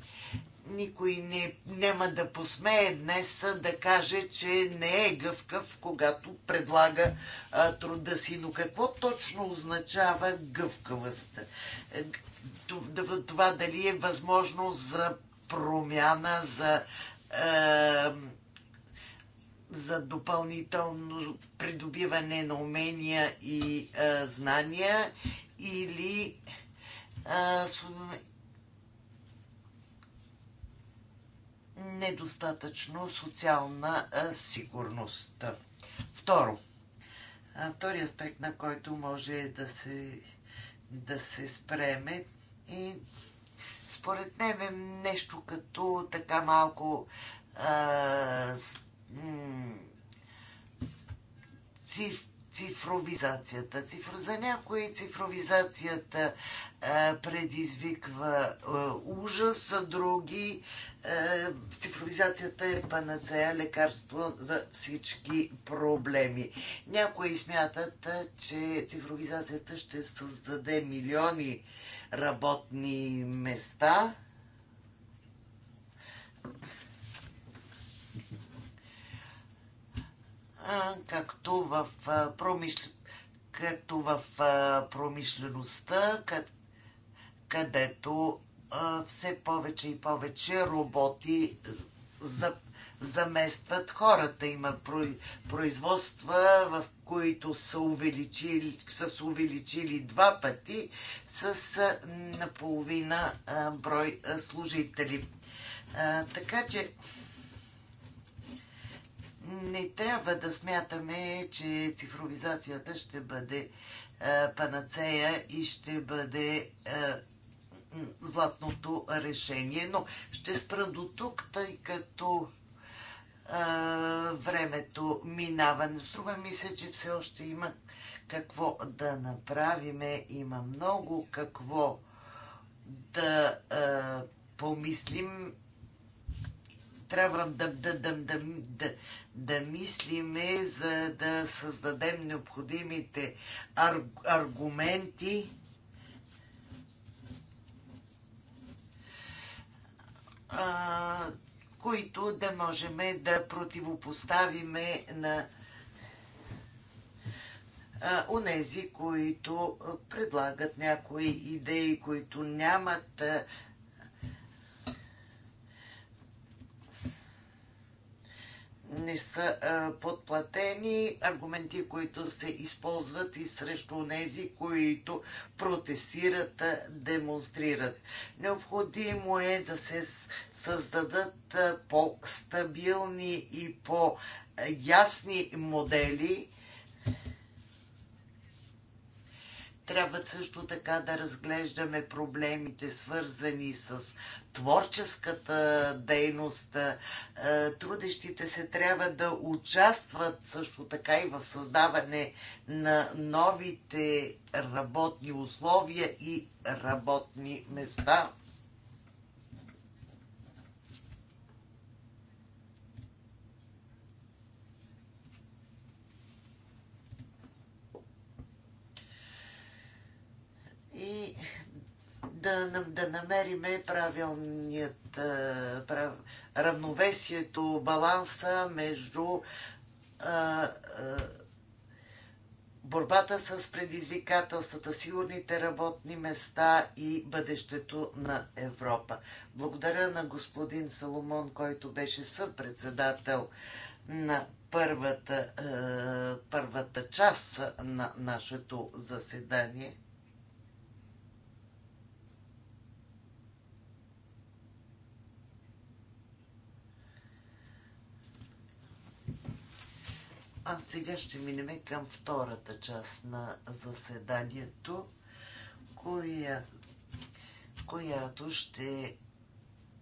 никой не, няма да посмее днес да каже, че не е гъвкав, когато предлага а, труда си. Но какво точно означава гъвкавост? Е, това, това дали е възможно за промяна, за, а, е, за допълнително придобиване на умения и а, е, знания или недостатъчно социална сигурност. Второ, втори аспект, на който може да се, да се спреме и според мен е нещо като така малко а, с, циф, цифровизацията. Цифро... За някои цифровизацията а, предизвиква а, ужас, за други а, цифровизацията е панацея, лекарство за всички проблеми. Някои смятат, а, че цифровизацията ще създаде милиони работни места. както в, промишл... както в промишлеността, където все повече и повече роботи за заместват хората. Има производства, в които са, увеличили, са се увеличили два пъти с наполовина брой служители. Така че не трябва да смятаме, че цифровизацията ще бъде е, панацея и ще бъде е, златното решение. Но ще спра до тук, тъй като е, времето минава. Не струва ми се, че все още има какво да направиме. Има много какво да а, помислим трябва да, да, да, да, да, да мислиме, за да създадем необходимите ар, аргументи. А, които да можем да противопоставиме на онези, които предлагат някои идеи, които нямат не са подплатени, аргументи, които се използват и срещу нези, които протестират, демонстрират. Необходимо е да се създадат по-стабилни и по-ясни модели Трябва също така да разглеждаме проблемите, свързани с творческата дейност. Е, трудещите се трябва да участват също така и в създаване на новите работни условия и работни места. и да, да намериме правилният е, прав, равновесието, баланса между а, е, а, е, борбата с предизвикателствата, сигурните работни места и бъдещето на Европа. Благодаря на господин Соломон, който беше съпредседател на първата, а, първата част на нашето заседание. А сега ще минем към втората част на заседанието, коя, която ще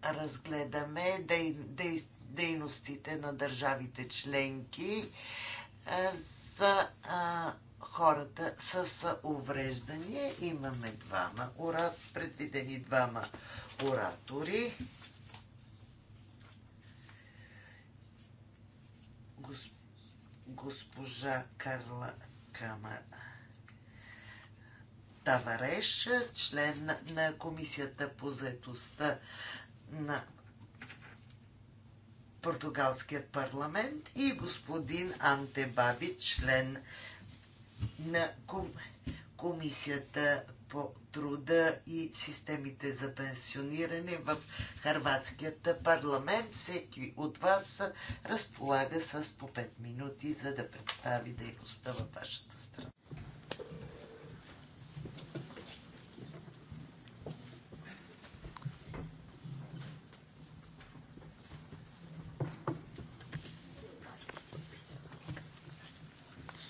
разгледаме дей, дей, дейностите на държавите членки е, за а, е, хората с увреждания. Имаме двама, ора, предвидени двама оратори. госпожа Карла Кама Тавареш, член на Комисията по заедостта на Португалският парламент и господин Анте Баби, член на Комисията по труда и системите за пенсиониране в Харватският парламент. Всеки от вас разполага с по 5 минути, за да представи дейността във вашата страна.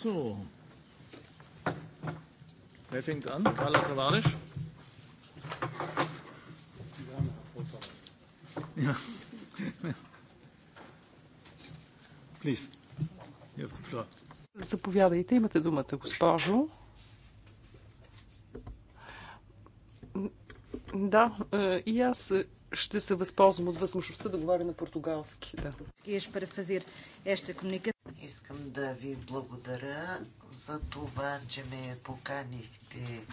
So. Wer fängt an? Carla Tavares? Ja. Please. Заповядайте, имате думата, госпожо. Да, е, и аз ще се възползвам от възможността да говоря на португалски. Да. Quis para fazer esta Искам да ви благодаря за това, че ме поканихте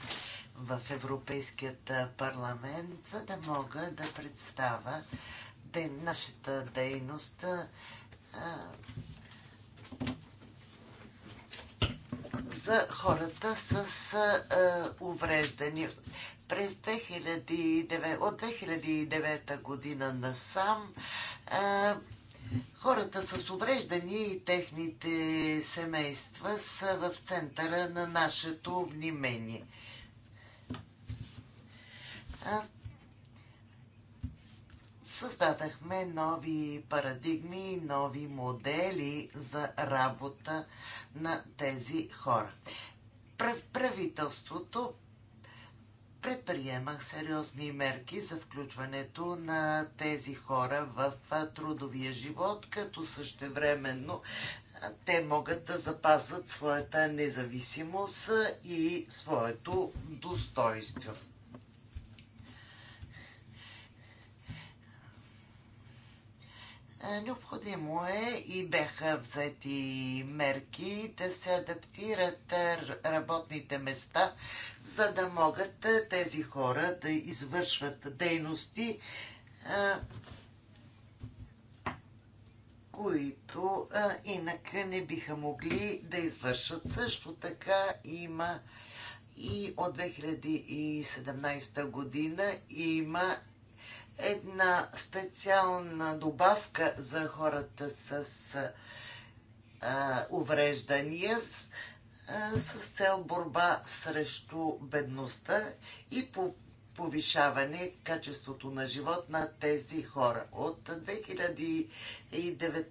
в Европейският парламент, за да мога да представя ден, нашата дейност а, за хората с а, увреждани. През 2009, от 2009 година насам а, Хората с увреждания и техните семейства са в центъра на нашето внимание. Аз създадахме нови парадигми, нови модели за работа на тези хора. Правителството предприемах сериозни мерки за включването на тези хора в трудовия живот, като същевременно те могат да запазят своята независимост и своето достоинство. Е, необходимо е и бяха взети мерки да се адаптират работните места, за да могат е, тези хора да извършват дейности, е, които инак не биха могли да извършат. Също така има и от 2017 година има една специална добавка за хората с а, увреждания с, а, с цел борба срещу бедността и по повишаване качеството на живот на тези хора. От 2009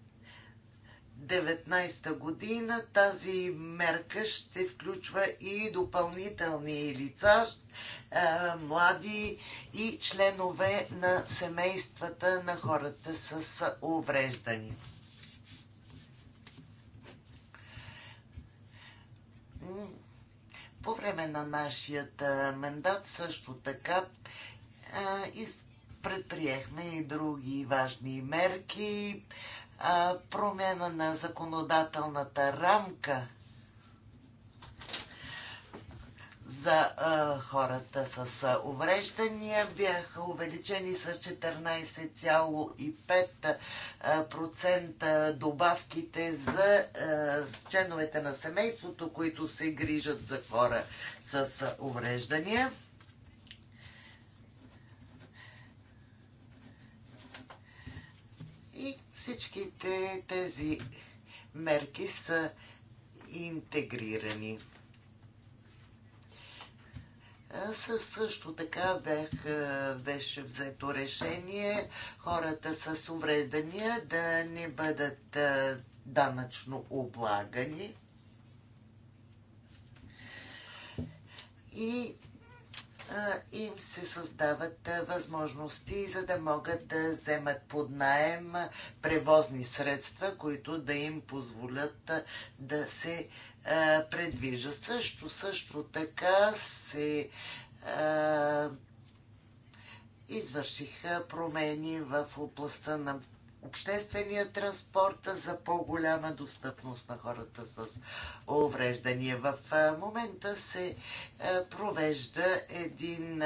2019 година тази мерка ще включва и допълнителни лица, е, млади и членове на семействата на хората с увреждания. По време на нашият е, мандат също така е, предприехме и други важни мерки промяна на законодателната рамка за а, хората с а, увреждания бяха увеличени с 14,5% добавките за а, членовете на семейството, които се грижат за хора с а, увреждания. Всичките тези мерки са интегрирани. Също така бех, беше взето решение хората с увреждания да не бъдат данъчно облагани. И им се създават възможности, за да могат да вземат под найем превозни средства, които да им позволят да се предвижат. Също, също така се извършиха промени в областта на обществения транспорт, за по-голяма достъпност на хората с увреждания. В момента се провежда един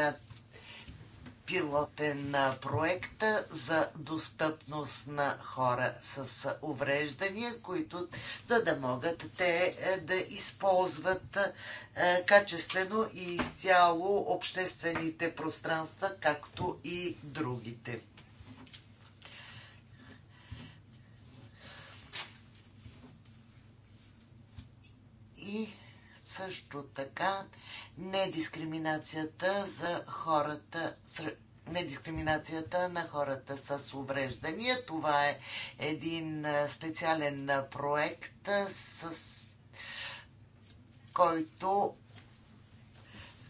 пилотен проект за достъпност на хора с увреждания, които, за да могат те да използват качествено и изцяло обществените пространства, както и другите. и също така недискриминацията за хората, недискриминацията на хората с увреждания. Това е един специален проект, с който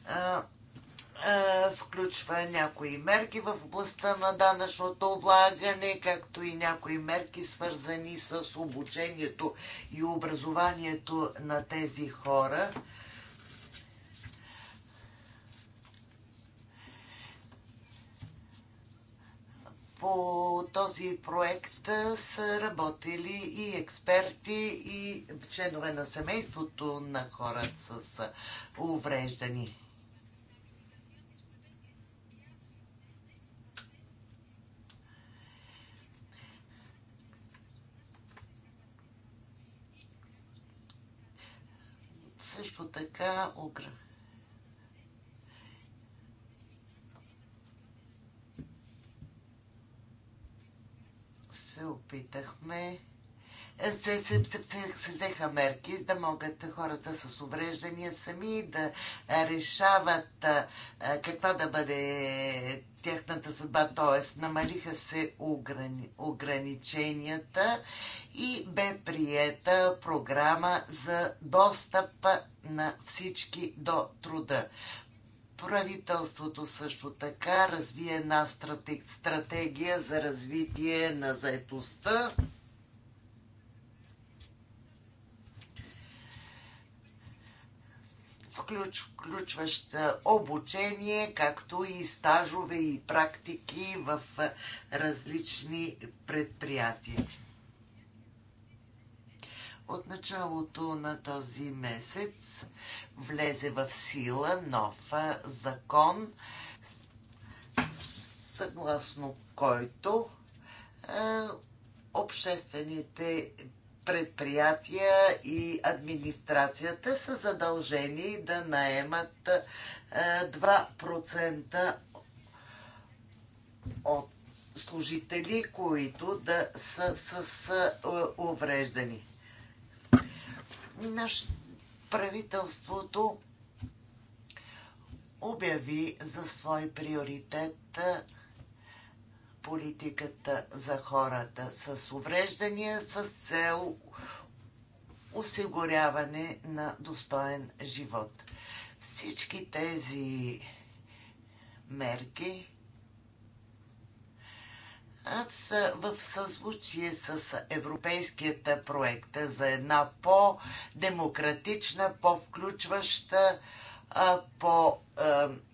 а, е, включва някои мерки в областта на данъчното облагане, както и някои мерки свързани с обучението и образованието на тези хора. по този проект са работили и експерти, и членове на семейството на хората с увреждани. Също така Укра. Се опитахме се, се, се, се взеха мерки, да могат хората с увреждания сами да решават каква да бъде тяхната съдба, т.е. намалиха се ограни, ограниченията и бе приета програма за достъп на всички до труда. Правителството също така развие една стратегия за развитие на заетостта включ, включващ обучение, както и стажове и практики в различни предприятия. От началото на този месец влезе в сила нов закон, съгласно който обществените предприятия и администрацията са задължени да наемат 2% е, от служители, които да са с е, увреждани. Наш правителството обяви за свой приоритет е, политиката за хората с увреждания с цел осигуряване на достоен живот. Всички тези мерки аз в съзвучие с европейският проект за една по-демократична, по-включваща, по-демократична, по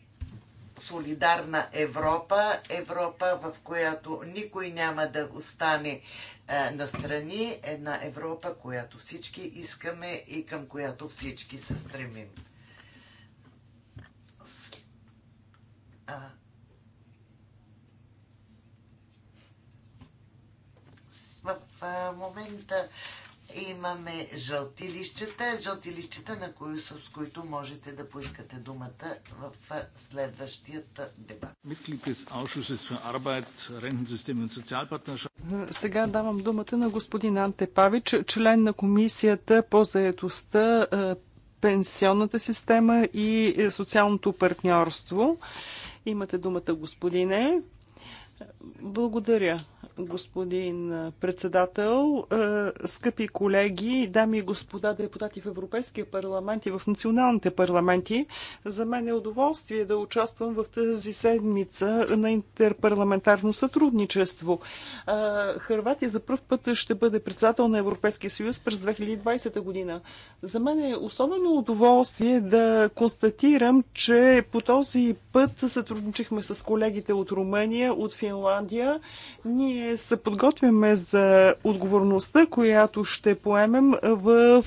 солидарна Европа, Европа, в която никой няма да остане е, настрани, една Европа, която всички искаме и към която всички се стремим. в момента Имаме жълти лищета, жълти лищета, на кои, с които можете да поискате думата в следващият дебат. Сега давам думата на господин Анте Павич, член на комисията по заедостта, пенсионната система и социалното партньорство. Имате думата, господине. Благодаря господин председател, скъпи колеги, дами и господа депутати в Европейския парламент и в националните парламенти. За мен е удоволствие да участвам в тази седмица на интерпарламентарно сътрудничество. Хърватия за първ път ще бъде председател на Европейския съюз през 2020 година. За мен е особено удоволствие да констатирам, че по този път сътрудничихме с колегите от Румъния, от Финландия. Ние ние се подготвяме за отговорността, която ще поемем в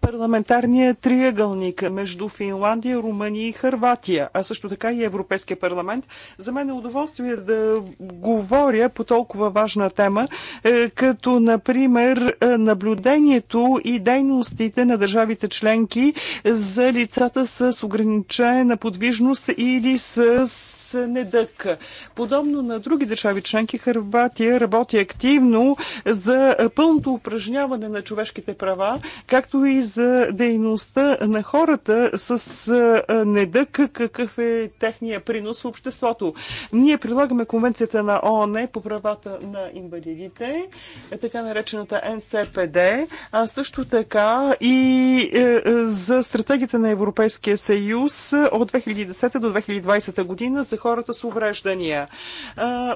парламентарния триъгълник между Финландия, Румъния и Харватия, а също така и Европейския парламент. За мен е удоволствие да говоря по толкова важна тема, е, като, например, е, наблюдението и дейностите на държавите членки за лицата с ограничена подвижност или с недък. Подобно на други държави членки, Харватия Харватия работи активно за пълното упражняване на човешките права, както и за дейността на хората с недък, какъв е техния принос в обществото. Ние прилагаме конвенцията на ООН по правата на инвалидите, така наречената НСПД, а също така и е, е, за стратегията на Европейския съюз от 2010 до 2020 година за хората с увреждания.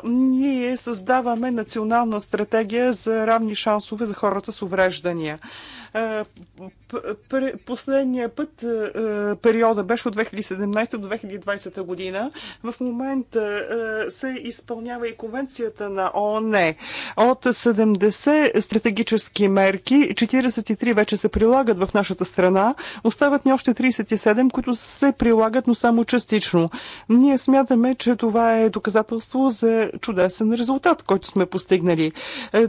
Ние създаваме създаваме национална стратегия за равни шансове за хората с увреждания. Е, Последния път е, е, периода беше от 2017 до 2020 година. В момента е, се изпълнява и конвенцията на ООН. От 70 стратегически мерки, 43 вече се прилагат в нашата страна. Остават ни още 37, които се прилагат, но само частично. Ние смятаме, че това е доказателство за чудесен резултат, който сме постигнали.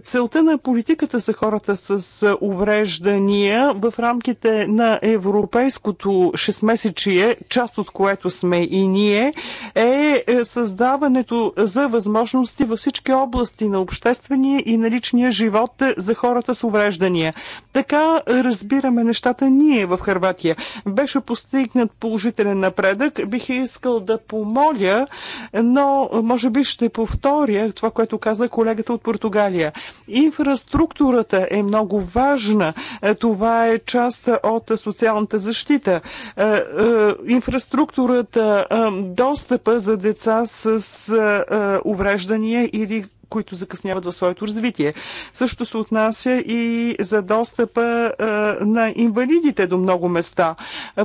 Целта на политиката за хората с увреждания в рамките на европейското 6-месечие, част от което сме и ние, е, е създаването за възможности във всички области на обществения и на личния живот за хората с увреждания. Така разбираме нещата ние в Харватия. Беше постигнат положителен напредък. Бих искал да помоля, но може би ще повторя това, което каза колегата от Португалия. Инфраструктурата е много важна. Това е част от социалната защита. Е, е, инфраструктурата, е, достъпа за деца с увреждания или които закъсняват в своето развитие. Също се отнася и за достъпа на инвалидите до много места.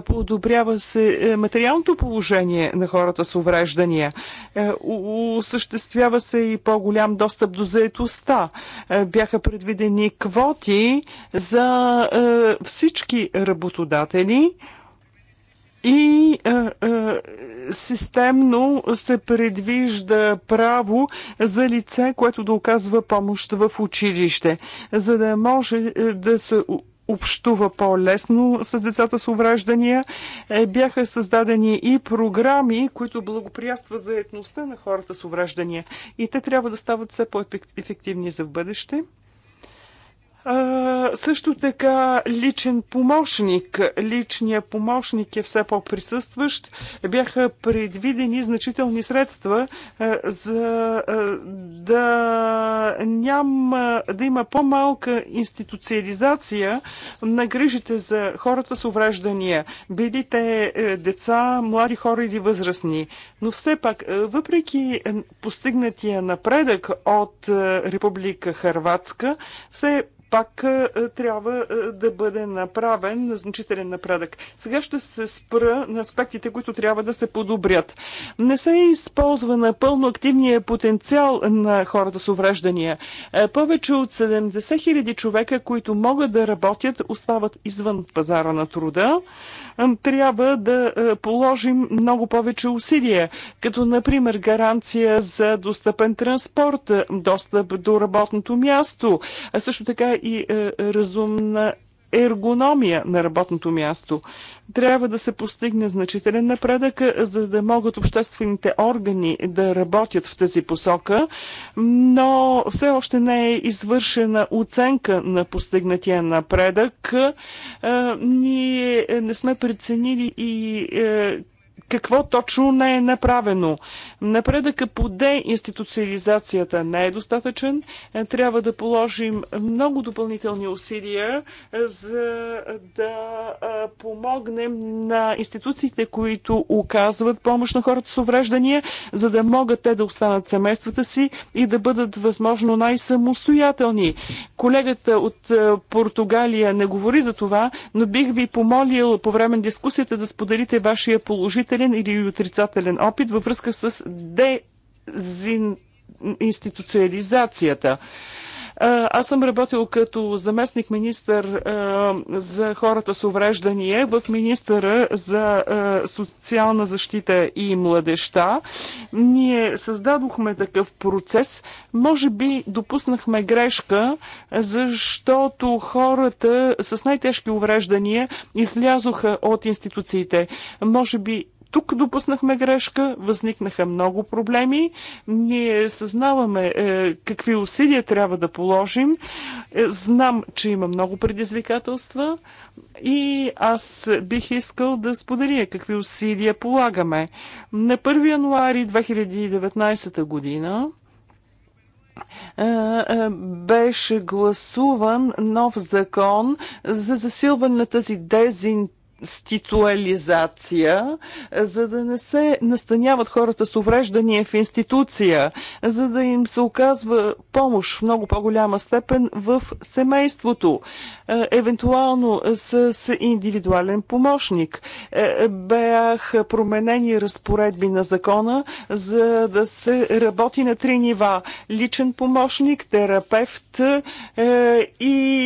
Подобрява се е, материалното положение на хората с увреждания. Е, осъществява се и по-голям достъп до заетостта. Е, бяха предвидени квоти за всички работодатели и е, е, системно се предвижда право за лице, което да оказва помощ в училище, за да може е, да се общува по-лесно с децата с увреждания. Е, бяха създадени и програми, които благоприятства заедността на хората с увреждания. И те трябва да стават все по-ефективни за в бъдеще. А, също така личен помощник. Личният помощник е все по-присъстващ. Бяха предвидени значителни средства а, за а, да, няма, да има по-малка институциализация на грижите за хората с увреждания. Били те е, деца, млади хора или възрастни. Но все пак, е, въпреки постигнатия напредък от е, Република Харватска, все пак е, е, трябва е, да бъде направен на значителен напредък. Сега ще се спра на аспектите, които трябва да се подобрят. Не се използва напълно активния потенциал на хората с увреждания. Повече от 70 000 човека, които могат да работят, остават извън пазара на труда. Трябва да положим много повече усилия, като например гаранция за достъпен транспорт, достъп до работното място, а също така и е, разумна ергономия на работното място. Трябва да се постигне значителен напредък, е, за да могат обществените органи да работят в тази посока, но все още не е извършена оценка на постигнатия напредък. Е, ние не сме преценили и какво точно не е направено. Напредъка по деинституциализацията не е достатъчен. Е, трябва да положим много допълнителни усилия, е, за да е, помогнем на институциите, които оказват помощ на хората с увреждания, за да могат те да останат семействата си и да бъдат възможно най-самостоятелни. Колегата от Португалия не говори за това, но бих ви помолил по време на дискусията да споделите вашия положителен положителен или отрицателен опит във връзка с дезинституциализацията. Аз съм работил като заместник министър за хората с увреждания в министъра за социална защита и младеща. Ние създадохме такъв процес. Може би допуснахме грешка, защото хората с най-тежки увреждания излязоха от институциите. Може би тук допуснахме грешка, възникнаха много проблеми. Ние съзнаваме е, какви усилия трябва да положим. Е, знам, че има много предизвикателства и аз бих искал да споделя какви усилия полагаме. На 1 януари 2019 година е, е, беше гласуван нов закон за засилване на тази дезинтеграция с титуализация, за да не се настаняват хората с увреждания в институция, за да им се оказва помощ в много по-голяма степен в семейството, е, евентуално с индивидуален помощник. Е, бях променени разпоредби на закона, за да се работи на три нива – личен помощник, терапевт е, и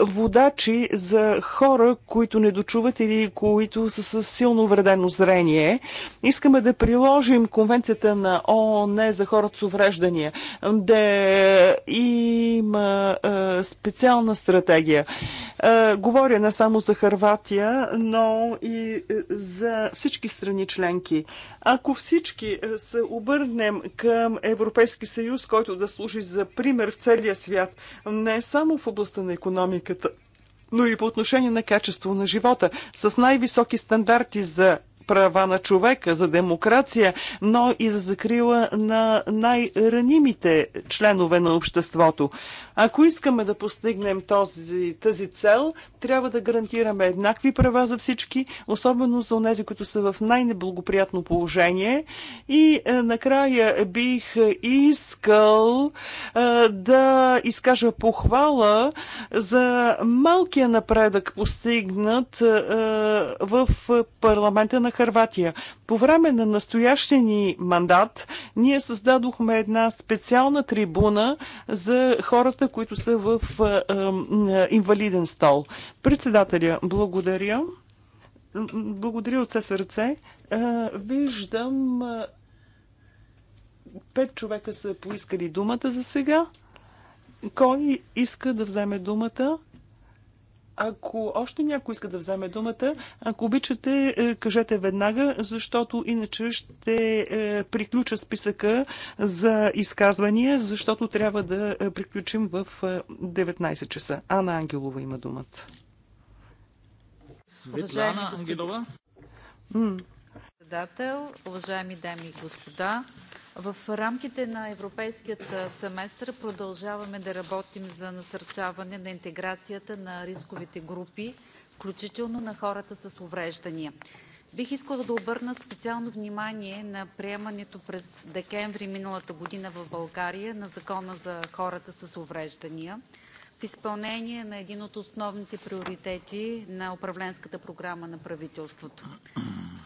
водачи за хора, които не дочуват зрители, които са с силно вредено зрение. Искаме да приложим конвенцията на ООН за хората с увреждания, да има е, специална стратегия. Е, говоря не само за Харватия, но и е, за всички страни членки. Ако всички се обърнем към Европейски съюз, който да служи за пример в целия свят, не само в областта на економиката, но и по отношение на качество на живота, с най-високи стандарти за права на човека, за демокрация, но и за закрила на най-ранимите членове на обществото. Ако искаме да постигнем този, тази цел, трябва да гарантираме еднакви права за всички, особено за тези, които са в най-неблагоприятно положение. И е, накрая бих искал е, да изкажа похвала за малкия напредък постигнат е, в парламента на Харватия. По време на настоящия ни мандат ние създадохме една специална трибуна за хората, които са в е, е, е, инвалиден стол. Председателя, благодаря. Благодаря от все сърце. Виждам пет човека са поискали думата за сега. Кой иска да вземе думата? Ако още някой иска да вземе думата, ако обичате, е, кажете веднага, защото иначе ще е, приключа списъка за изказвания, защото трябва да е, приключим в 19 часа. Ана Ангелова има думата. Светлана Ангелова. Председател, уважаеми дами и господа, в рамките на Европейския семестър продължаваме да работим за насърчаване на интеграцията на рисковите групи, включително на хората с увреждания. Бих искала да обърна специално внимание на приемането през декември миналата година в България на Закона за хората с увреждания в изпълнение на един от основните приоритети на управленската програма на правителството.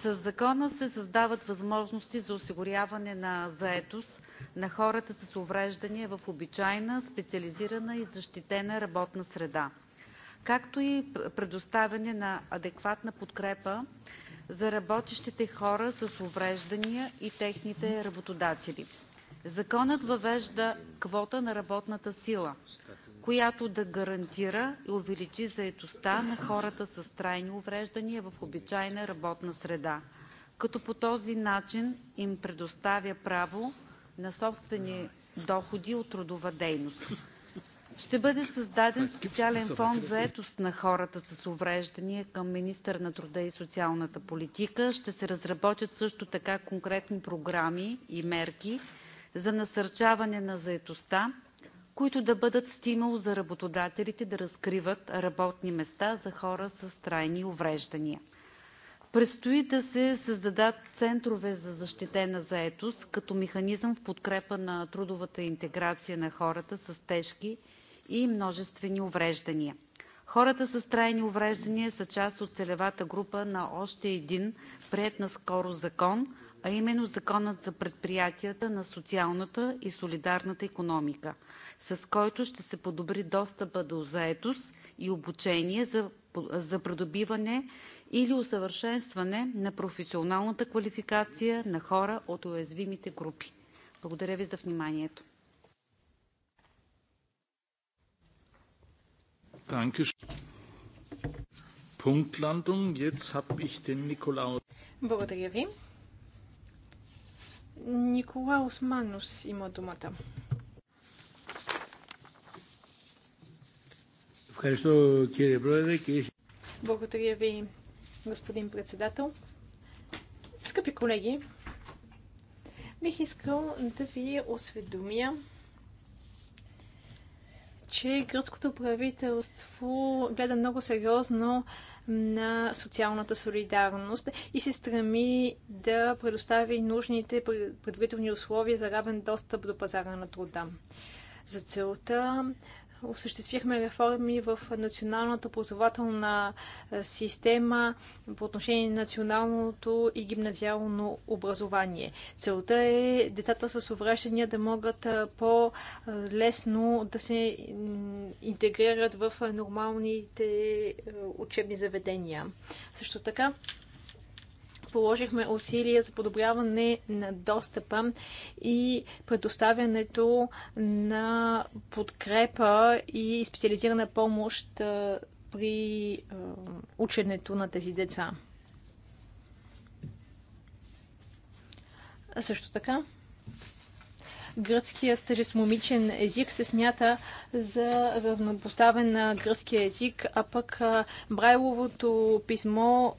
Със Закона се създават възможности за осигуряване на заетост на хората с увреждания в обичайна, специализирана и защитена работна среда, както и предоставяне на адекватна подкрепа за работещите хора с увреждания и техните работодатели. Законът въвежда квота на работната сила, която да гарантира и увеличи заетостта на хората с трайни увреждания в обичайна работна среда, като по този начин им предоставя право на собствени доходи от трудова дейност. Ще бъде създаден специален фонд за етост на хората с увреждания“ към Министър на труда и социалната политика. Ще се разработят също така конкретни програми и мерки за насърчаване на заетостта които да бъдат стимул за работодателите да разкриват работни места за хора с трайни увреждания. Предстои да се създадат центрове за защитена заетост като механизъм в подкрепа на трудовата интеграция на хората с тежки и множествени увреждания. Хората с трайни увреждания са част от целевата група на още един приятна наскоро закон а именно Законът за предприятията на социалната и солидарната економика, с който ще се подобри достъпа до заетост и обучение за придобиване или усъвършенстване на професионалната квалификация на хора от уязвимите групи. Благодаря Ви за вниманието. Благодаря ви. Никола Манус има думата. Благодаря ви, господин председател. Скъпи колеги, бих искал да ви осведомя, че гръцкото правителство гледа много сериозно на социалната солидарност и се стреми да предостави нужните предварителни условия за равен достъп до пазара на труда. За целта осъществихме реформи в националната познавателна система по отношение на националното и гимназиално образование. Целта е децата с увреждания да могат по-лесно да се интегрират в нормалните учебни заведения. Също така, положихме усилия за подобряване на достъпа и предоставянето на подкрепа и специализирана помощ при ученето на тези деца. А също така, гръцкият жестомомичен език се смята за равнопоставен на гръцкия език, а пък Брайловото писмо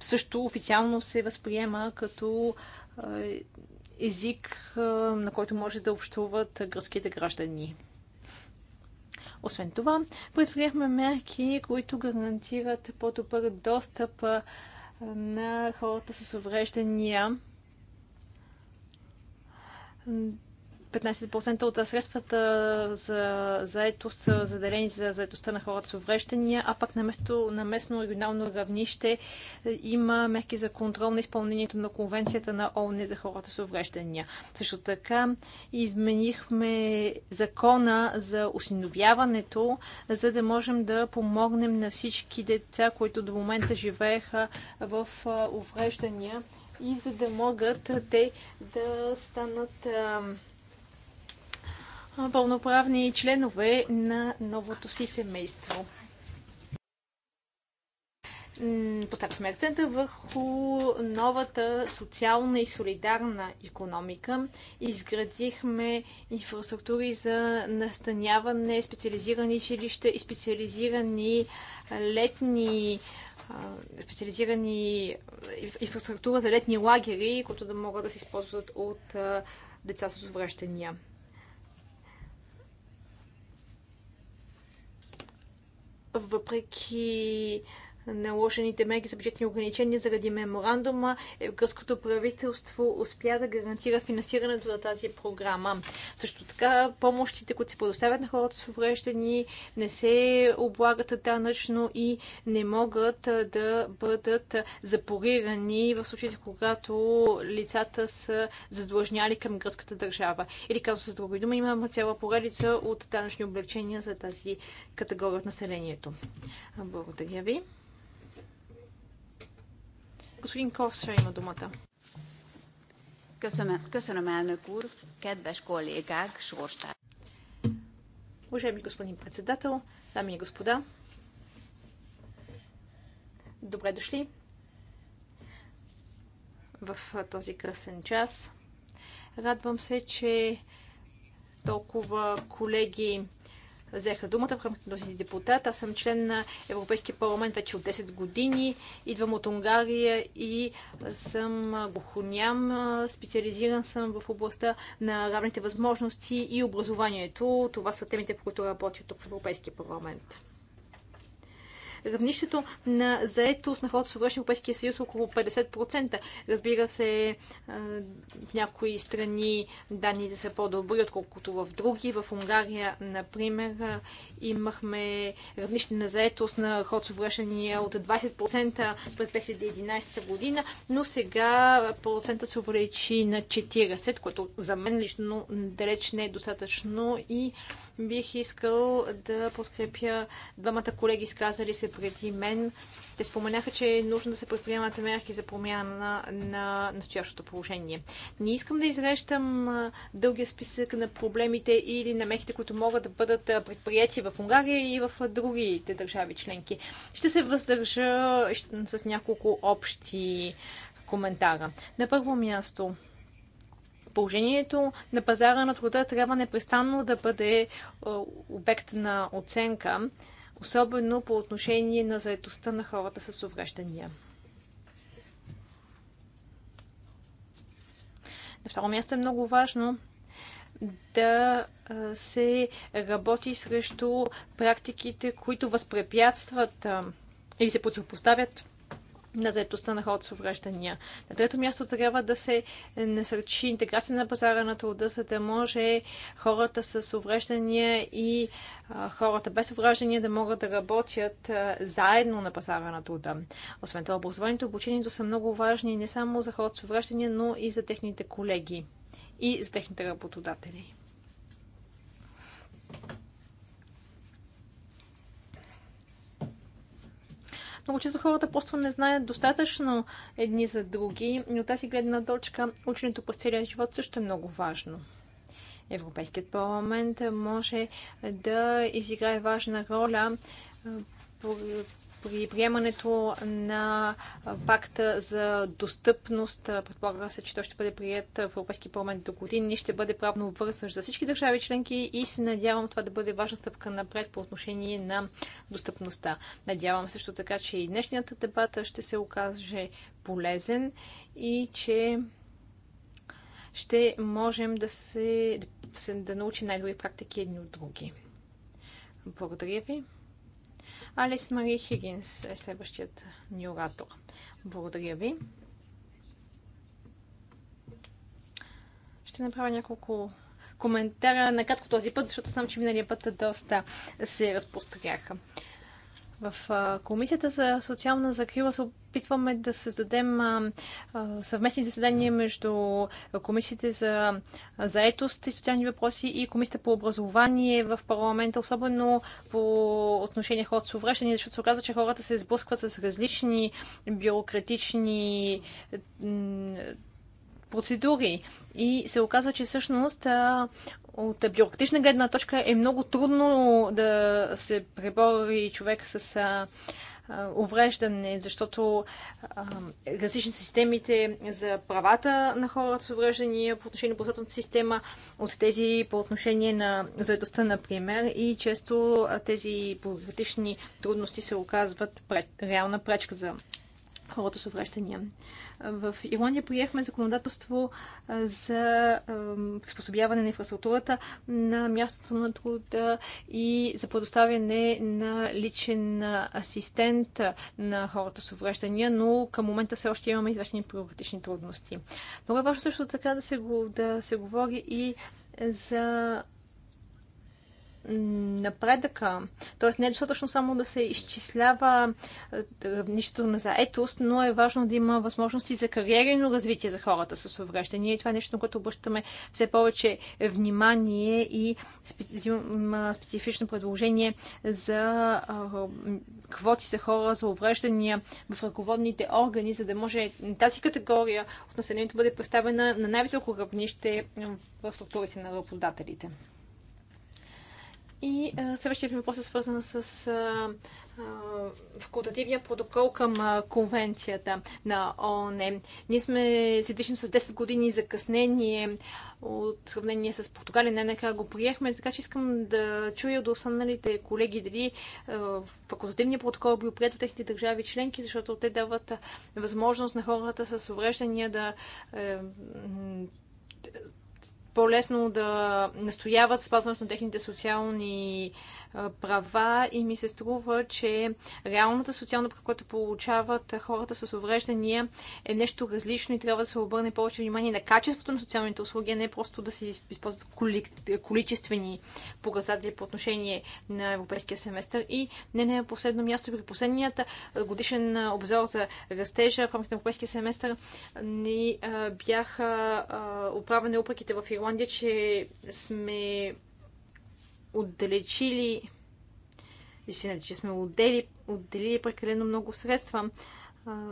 също официално се възприема като език, на който може да общуват гръцките граждани. Освен това, предприехме мерки, които гарантират по-добър достъп на хората с увреждания 15% от средствата за заетост са заделени за заетостта на хората с увреждания, а пък на, место, на местно регионално равнище е, има мерки за контрол на изпълнението на конвенцията на ООН за хората с увреждания. Също така изменихме закона за осиновяването, за да можем да помогнем на всички деца, които до момента живееха в увреждания и за да могат те да станат пълноправни членове на новото си семейство. Поставихме акцента върху новата социална и солидарна економика. Изградихме инфраструктури за настаняване, специализирани жилища и специализирани летни специализирани инфраструктура за летни лагери, които да могат да се използват от деца с увръщания. въпреки наложените мерки за бюджетни ограничения заради меморандума, гръцкото правителство успя да гарантира финансирането на тази програма. Също така, помощите, които се предоставят на хората с увреждани, не се облагат данъчно и не могат да бъдат запорирани в случаите, когато лицата са задлъжняли към гръцката държава. Или казвам с други думи, имаме цяла поредица от данъчни облегчения за тази категория от населението. Благодаря ви. Господин Косве има думата. Köszönöm, elnök úr, кедбеш kollégák, sorstár. Уважаеми господин председател, дами и господа, добре дошли в този късен час. Радвам се, че толкова колеги взеха думата в рамките на този депутат. Аз съм член на Европейския парламент вече от 10 години. Идвам от Унгария и съм гохоням. Специализиран съм в областта на равните възможности и образованието. Това са темите, по които работя тук в Европейския парламент равнището на заетост на хората с увреждания в Европейския съюз е около 50%. Разбира се, в някои страни данните са по-добри, отколкото в други. В Унгария, например, имахме равнище на заетост на хората с увреждания от 20% през 2011 година, но сега процентът се увеличи на 40, което за мен лично далеч не е достатъчно и бих искал да подкрепя двамата колеги, изказали се преди мен, те споменаха, че е нужно да се предприемат мерки за промяна на, на настоящото положение. Не искам да изрещам дългия списък на проблемите или на мехите, които могат да бъдат предприяти в Унгария и в другите държави членки. Ще се въздържа с няколко общи коментара. На първо място, положението на пазара на труда трябва непрестанно да бъде обект на оценка особено по отношение на заетостта на хората с увреждания. На второ място е много важно да се работи срещу практиките, които възпрепятстват или се противопоставят на заедостта на хората с увреждания. На трето място трябва да се насърчи интеграция на пазара на труда, за да може хората с увреждания и хората без увреждания да могат да работят заедно на пазара на труда. Освен това, образованието и обучението са много важни не само за хората с увреждания, но и за техните колеги и за техните работодатели. Много често хората просто не знаят достатъчно едни за други, но тази гледна точка ученето през целия живот също е много важно. Европейският парламент може да изиграе важна роля при приемането на пакта за достъпност. Предполага се, че той ще бъде прият в Европейски парламент до години и ще бъде правно вързващ за всички държави членки и се надявам това да бъде важна стъпка напред по отношение на достъпността. Надявам също така, че и днешният дебат ще се окаже полезен и че ще можем да се да научим най-добри практики едни от други. Благодаря ви. Алис Мари Хигинс е следващият ни оратор. Благодаря ви. Ще направя няколко коментара кратко този път, защото знам, че миналия път доста се разпостряха. В Комисията за социална закрила се опитваме да създадем съвместни заседания между Комисията за заетост и социални въпроси и Комисията по образование в парламента, особено по отношение хората с увреждания, защото се оказва, че хората се сблъскват с различни бюрократични процедури. И се оказва, че всъщност от бюрократична гледна точка е много трудно да се пребори човек с а, увреждане, защото а, различни системите за правата на хората с увреждания по отношение на платната система, от тези по отношение на заедостта, например, и често тези бюрократични трудности се оказват пред, реална пречка за хората с увреждания. В Ирландия приехме законодателство за приспособяване на инфраструктурата на мястото на труда и за предоставяне на личен асистент на хората с увреждания, но към момента все още имаме известни бюрократични трудности. Много е важно също така да се, да се говори и за напредъка. т.е. не е достатъчно само да се изчислява е, равнището на заетост, но е важно да има възможности за кариерно развитие за хората с увреждания. И това е нещо, на което обръщаме все повече внимание и специфично предложение за квоти за хора за увреждания в ръководните органи, за да може тази категория от населението бъде представена на най-високо равнище в структурите на работодателите. И следващия въпрос е свързан с факултативния протокол към конвенцията на ООН. Ние сме се движим с 10 години закъснение от сравнение с Португалия. Не нека го приехме, така че искам да чуя до останалите колеги дали факултативния протокол е бил прият от техните държави членки, защото те дават възможност на хората с увреждания да е, по-лесно да настояват спазването на техните социални права и ми се струва, че реалната социална права, която получават хората с увреждания е нещо различно и трябва да се обърне повече внимание на качеството на социалните услуги, а не просто да се използват коли... количествени показатели по отношение на европейския семестър. И не на последно място, при последният годишен обзор за растежа в рамките на европейския семестър ни бяха оправени упреките в Ирландия, че сме отдалечили, извинете, че сме отдели, отделили прекалено много средства а,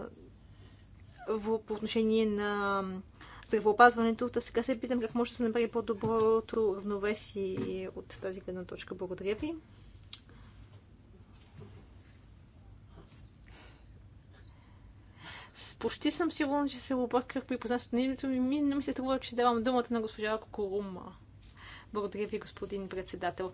в, по отношение на здравеопазването. Та сега се питам как може да се направи по-доброто равновесие от тази гледна точка. Благодаря ви. Почти съм сигурна, че се обърках при познанството на името ми, но ми се струва, че давам думата на госпожа Кокорума. Благодаря ви, господин председател.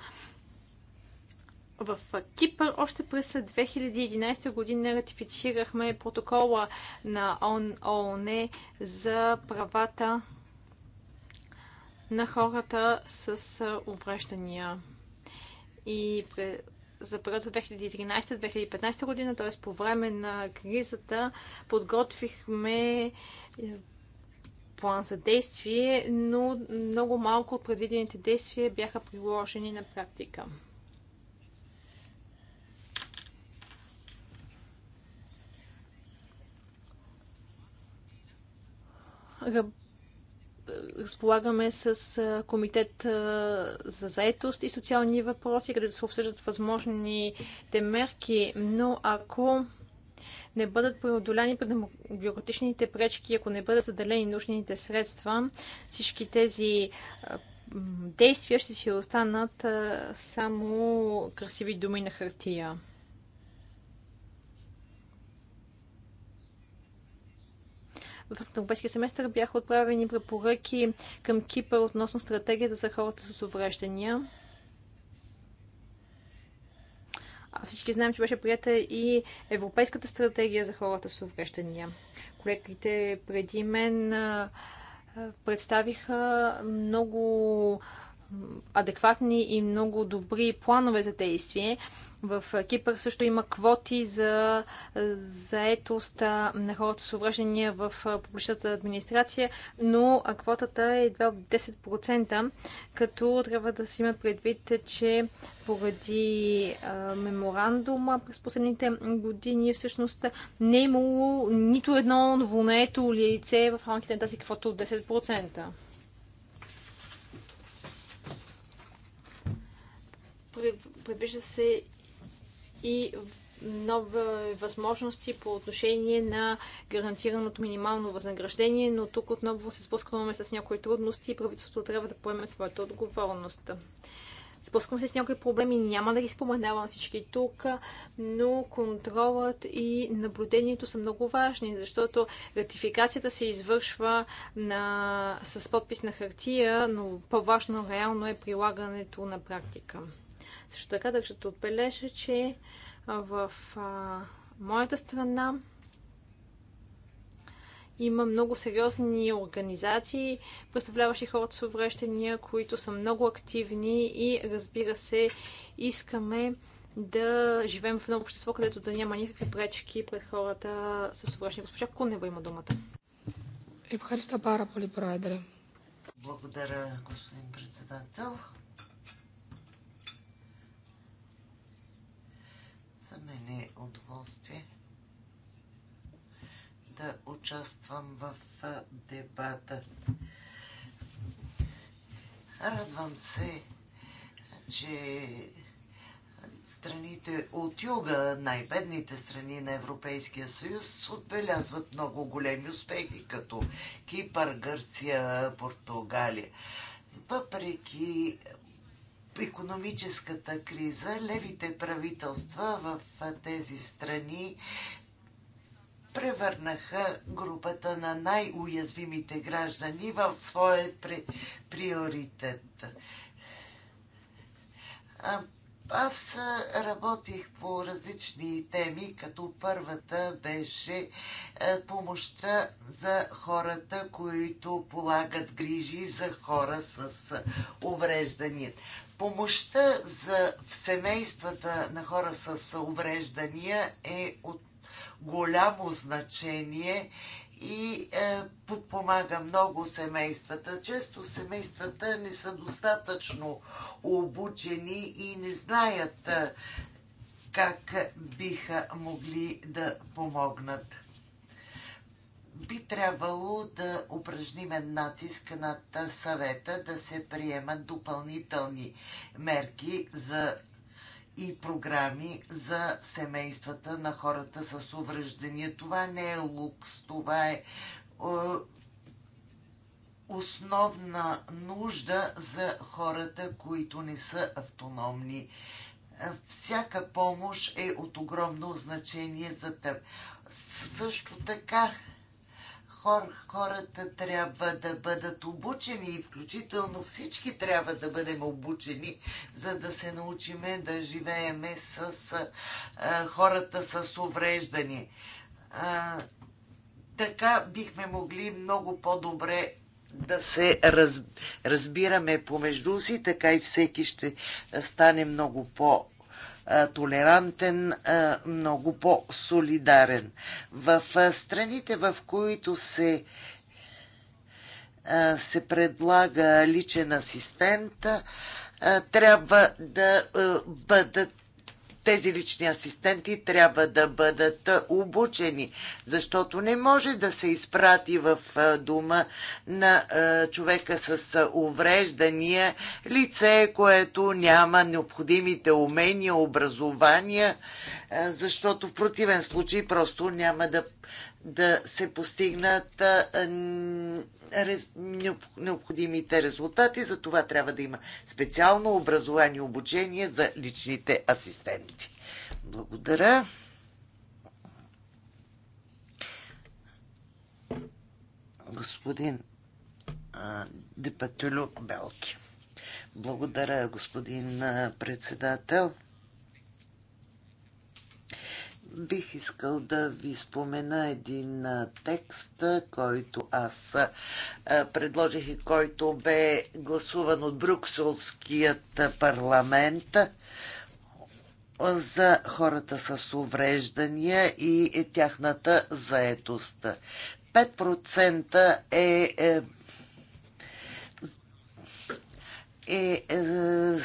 В Кипър още през 2011 година ратифицирахме протокола на ООН е за правата на хората с увреждания. И за периода 2013-2015 година, т.е. по време на кризата, подготвихме план за действие, но много малко от предвидените действия бяха приложени на практика. разполагаме с комитет за заетост и социални въпроси, където се обсъждат възможните мерки, но ако не бъдат преодолени бюрократичните пречки, ако не бъдат заделени нужните средства, всички тези действия ще си останат само красиви думи на хартия. в Европейския семестър бяха отправени препоръки към Кипър относно стратегията за хората с увреждания. А всички знаем, че беше прията и Европейската стратегия за хората с увреждания. Колегите преди мен представиха много адекватни и много добри планове за действие. В Кипър също има квоти за заетост на хората с увреждания в публичната администрация, но квотата е едва от 10%, като трябва да си има предвид, че поради меморандума през последните години всъщност не е имало нито едно или лице в рамките на тази квота от 10%. предвижда се и нови възможности по отношение на гарантираното минимално възнаграждение, но тук отново се спускваме с някои трудности и правителството трябва да поеме своята отговорност. Спускам се с някои проблеми, няма да ги споменавам всички тук, но контролът и наблюдението са много важни, защото ратификацията се извършва на... с подпис на хартия, но по-важно реално е прилагането на практика. Също така да да отбележа, че в а, моята страна има много сериозни организации, представляващи хората с увреждания, които са много активни и разбира се, искаме да живеем в едно общество, където да няма никакви пречки пред хората с увреждания. Госпожа Кунева има думата. Благодаря, господин председател. За е удоволствие да участвам в дебата. Радвам се, че страните от юга, най-бедните страни на Европейския съюз, отбелязват много големи успехи, като Кипър, Гърция, Португалия. Въпреки економическата криза, левите правителства в тези страни превърнаха групата на най-уязвимите граждани в своя приоритет. Аз работих по различни теми, като първата беше помощта за хората, които полагат грижи за хора с увреждания. Помощта за семействата на хора с увреждания е от голямо значение и е, подпомага много семействата. Често семействата не са достатъчно обучени и не знаят е, как биха могли да помогнат би трябвало да упражниме натиск над съвета да се приемат допълнителни мерки за и програми за семействата на хората с увреждания. Това не е лукс, това е, е основна нужда за хората, които не са автономни. Всяка помощ е от огромно значение за теб. Също така хор, хората трябва да бъдат обучени и включително всички трябва да бъдем обучени, за да се научиме да живееме с а, хората с увреждане. А, така бихме могли много по-добре да се разбираме помежду си, така и всеки ще стане много по- толерантен, много по-солидарен. В страните, в които се се предлага личен асистент, трябва да бъдат тези лични асистенти трябва да бъдат обучени, защото не може да се изпрати в дума на човека с увреждания лице, което няма необходимите умения, образования, защото в противен случай просто няма да, да се постигнат необходимите резултати. За това трябва да има специално образование и обучение за личните асистенти. Благодаря. Господин Депатюлю Белки. Благодаря, господин председател. Бих искал да ви спомена един текст, който аз предложих и който бе гласуван от Брюкселският парламент за хората с увреждания и тяхната заетост. 5% е, е, е, е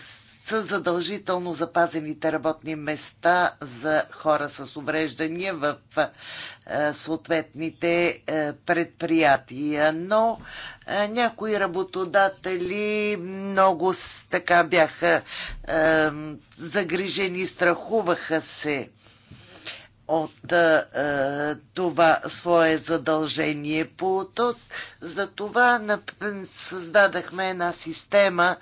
с задължително запазените работни места за хора с увреждания в е, съответните е, предприятия. Но е, някои работодатели много така бяха загрижени, страхуваха се от а, това свое задължение по ТОС. Затова създадахме една система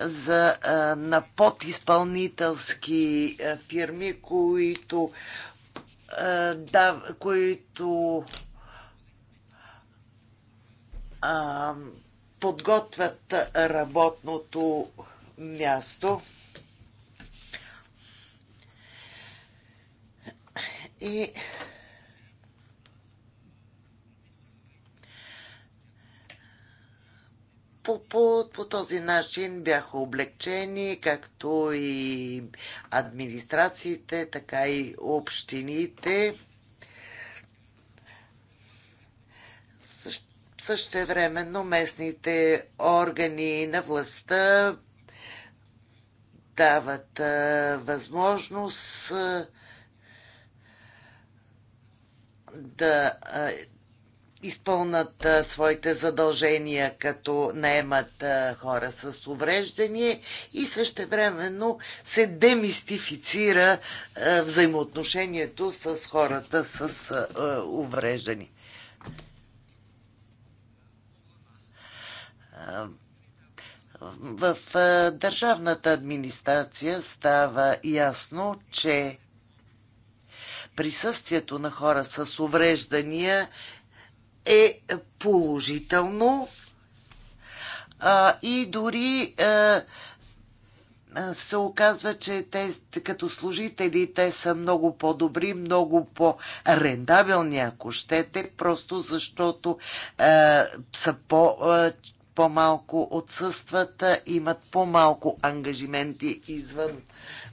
за, а, на подизпълнителски фирми, които, а, да, които а, подготвят работното място. И по, по, по този начин бяха облегчени както и администрациите, така и общините. Също, но местните органи на властта дават а, възможност а, да изпълнат своите задължения, като наемат хора с увреждане и същевременно се демистифицира взаимоотношението с хората с увреждане. В държавната администрация става ясно, че присъствието на хора с увреждания е положително а, и дори а, се оказва, че те като служители те са много по-добри, много по рендабелни ако щете, просто защото е, са по, е, по-малко отсъстват, имат по-малко ангажименти извън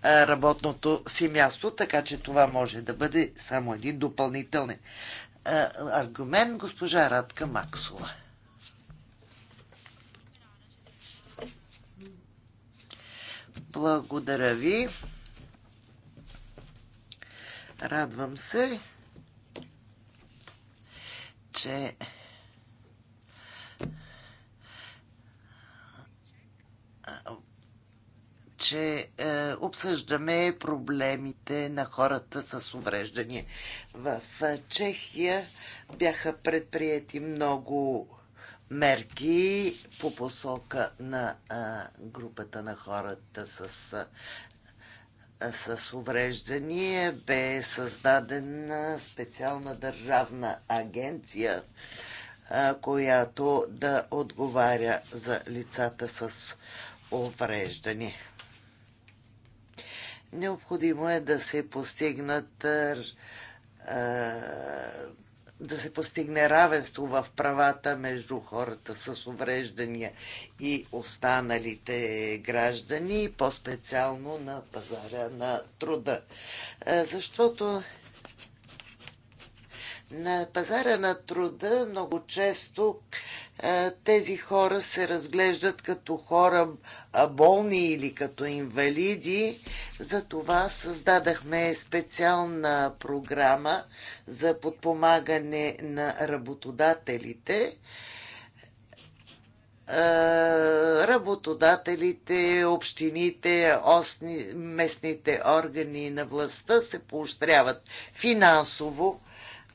работното си място, така че това може да бъде само един допълнителен аргумент, госпожа Радка Максова. Благодаря ви. Радвам се, че че е, обсъждаме проблемите на хората с увреждания. В е, Чехия бяха предприяти много мерки по посока на а, е, групата на хората с, а, е, с увреждания. Бе създадена специална държавна агенция, която да отговаря за лицата с увреждане. Необходимо е да се постигнат е, е, да се постигне равенство в правата между хората с увреждания и останалите граждани, по-специално на пазара на труда. Е, защото на пазара на труда много често е, тези хора се разглеждат като хора болни или като инвалиди. Затова създадахме специална програма за подпомагане на работодателите. Е, работодателите, общините, местните органи на властта се поощряват финансово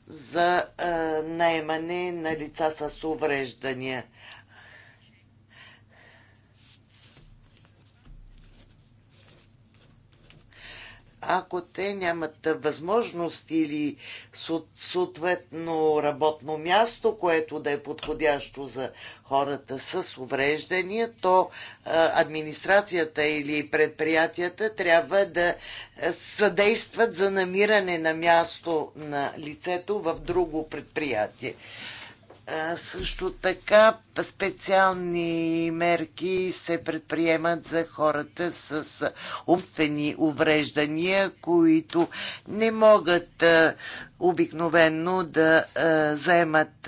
за а, наемане на лица с увреждания. ако те нямат възможност или съответно работно място, което да е подходящо за хората с увреждания, то администрацията или предприятията трябва да съдействат за намиране на място на лицето в друго предприятие също така специални мерки се предприемат за хората с умствени увреждания, които не могат обикновенно да заемат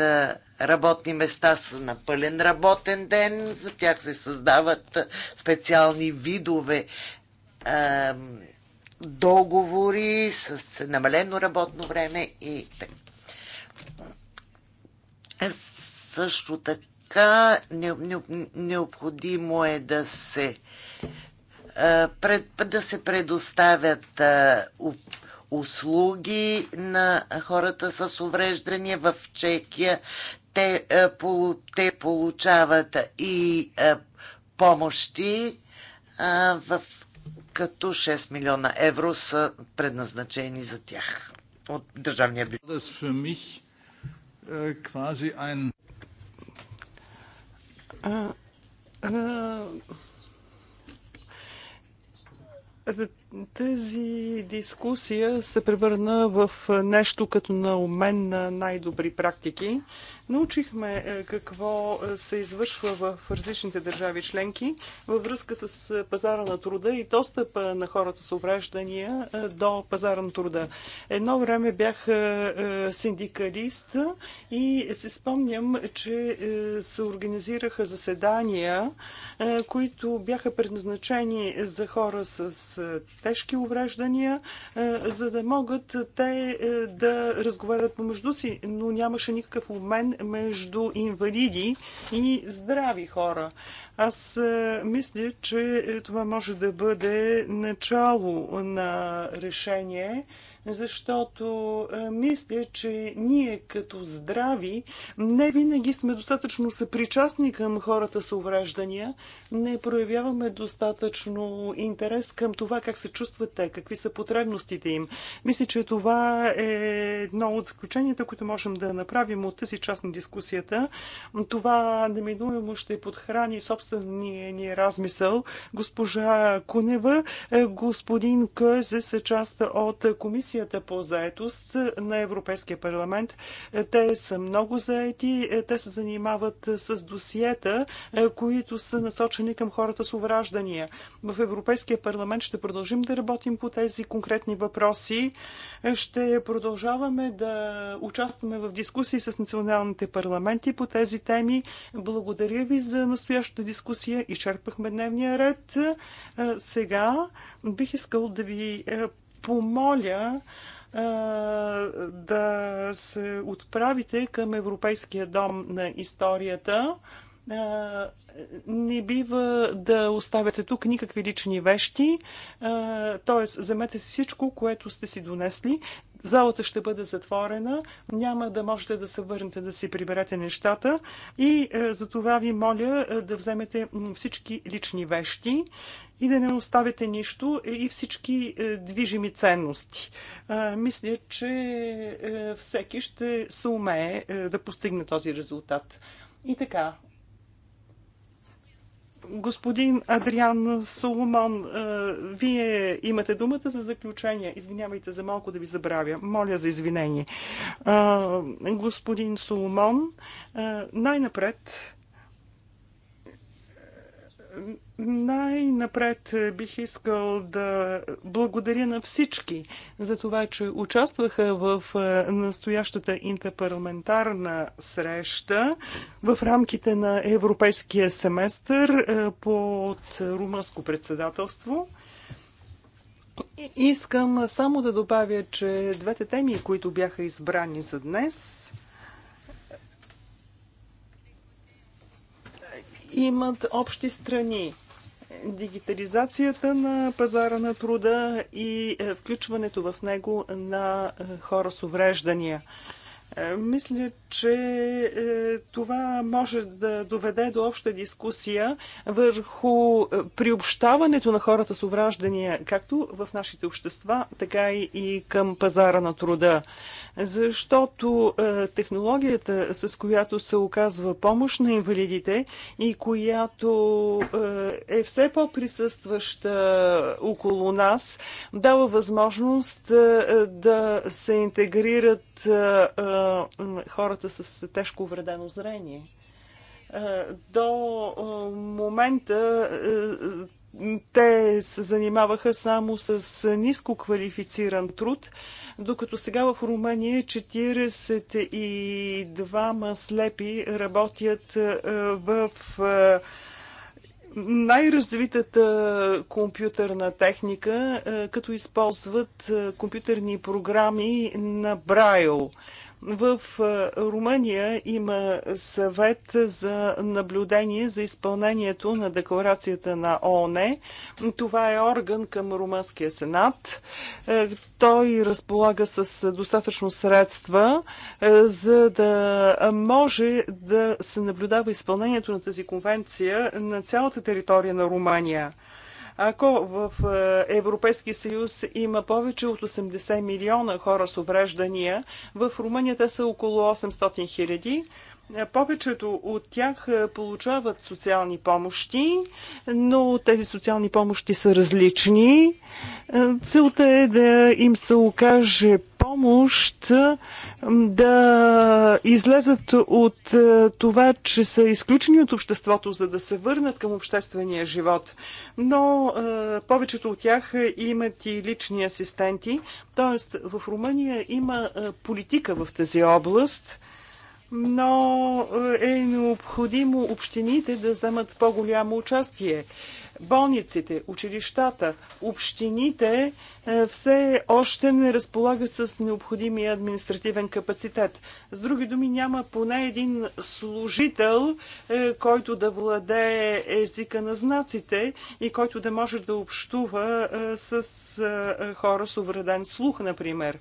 работни места с на пълен работен ден, за тях се създават специални видове договори с намалено работно време и така. Също така не, не, необходимо е да се, пред, да се предоставят услуги на хората с увреждания в Чехия. Те, те получават и помощи в като 6 милиона евро са предназначени за тях от държавния бюджет quasi ein. тази дискусия се превърна в нещо като на умен на най-добри практики. Научихме е, какво е, се извършва в различните държави членки във връзка с е, пазара на труда и достъпа на хората с увреждания до пазара на труда. Едно време бях синдикалист и се спомням, че се организираха заседания, които бяха предназначени за хора с тежки увреждания, за да могат те да разговарят помежду си, но нямаше никакъв обмен между инвалиди и здрави хора. Аз е, мисля, че това може да бъде начало на решение защото е, мисля, че ние като здрави не винаги сме достатъчно съпричастни към хората с увреждания, не проявяваме достатъчно интерес към това как се чувстват те, какви са потребностите им. Мисля, че това е едно от заключенията, които можем да направим от тази част на дискусията. Това неминуемо ще подхрани собствения ни размисъл. Госпожа Кунева, е, господин Кързе са е част от комисия Комисията по заетост на Европейския парламент. Те са много заети, те се занимават с досиета, е, които са насочени към хората с увраждания. В Европейския парламент ще продължим да работим по тези конкретни въпроси. Ще продължаваме да участваме в дискусии с националните парламенти по тези теми. Благодаря ви за настоящата дискусия. Изчерпахме дневния ред. Е, сега бих искал да ви е, помоля да се отправите към Европейския дом на историята. Не бива да оставяте тук никакви лични вещи, т.е. вземете всичко, което сте си донесли. Залата ще бъде затворена, няма да можете да се върнете да си приберете нещата и е, за това ви моля е, да вземете всички лични вещи и да не оставите нищо е, и всички движими ценности. Мисля, че всеки ще се умее да постигне този резултат. И така, Господин Адриан Соломон, е, вие имате думата за заключение. Извинявайте за малко да ви забравя. Моля за извинение. Е, господин Соломон, е, най-напред най-напред е, бих искал да благодаря на всички за това, че участваха в е, настоящата интерпарламентарна среща в рамките на Европейския семестър е, под румънско председателство. Искам само да добавя, че двете теми, които бяха избрани за днес, имат общи страни дигитализацията на пазара на труда и е, включването в него на е, хора с увреждания. Е, мисля, че е, това може да доведе до обща дискусия върху е, приобщаването на хората с увраждания, както в нашите общества, така и към пазара на труда. Защото технологията, с която се оказва помощ на инвалидите и която е все по-присъстваща около нас, дава възможност да се интегрират хората с тежко увредено зрение. Е, до е, момента е, те се занимаваха само с ниско квалифициран труд, докато сега в Румъния 42 слепи работят в най-развитата компютърна техника, като използват компютърни програми на Брайл. В Румъния има съвет за наблюдение за изпълнението на декларацията на ООН. Това е орган към Румънския сенат. Е, той разполага с достатъчно средства, е, за да може да се наблюдава изпълнението на тази конвенция на цялата територия на Румъния. Ако в е, Европейския съюз има повече от 80 милиона хора с увреждания, в Румъния те са около 800 хиляди. Е, повечето от тях е, получават социални помощи, но тези социални помощи са различни. Целта е да им се окаже помощ да излезат от е, това, че са изключени от обществото, за да се върнат към обществения живот. Но е, повечето от тях имат и лични асистенти. Тоест, в Румъния има е, политика в тази област но е необходимо общините да вземат по-голямо участие болниците, училищата, общините е, все още не разполагат с необходимия административен капацитет. С други думи, няма поне един служител, е, който да владее езика на знаците и който да може да общува е, с хора с увреден слух, например.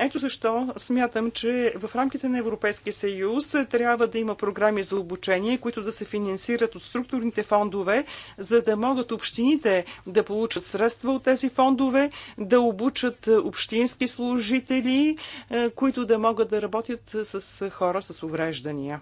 Ето защо смятам, че в рамките на Европейския съюз трябва да има програми за обучение, които да се финансират от структурните фондове, за да могат общините да получат средства от тези фондове, да обучат общински служители, е, които да могат да работят с хора с увреждания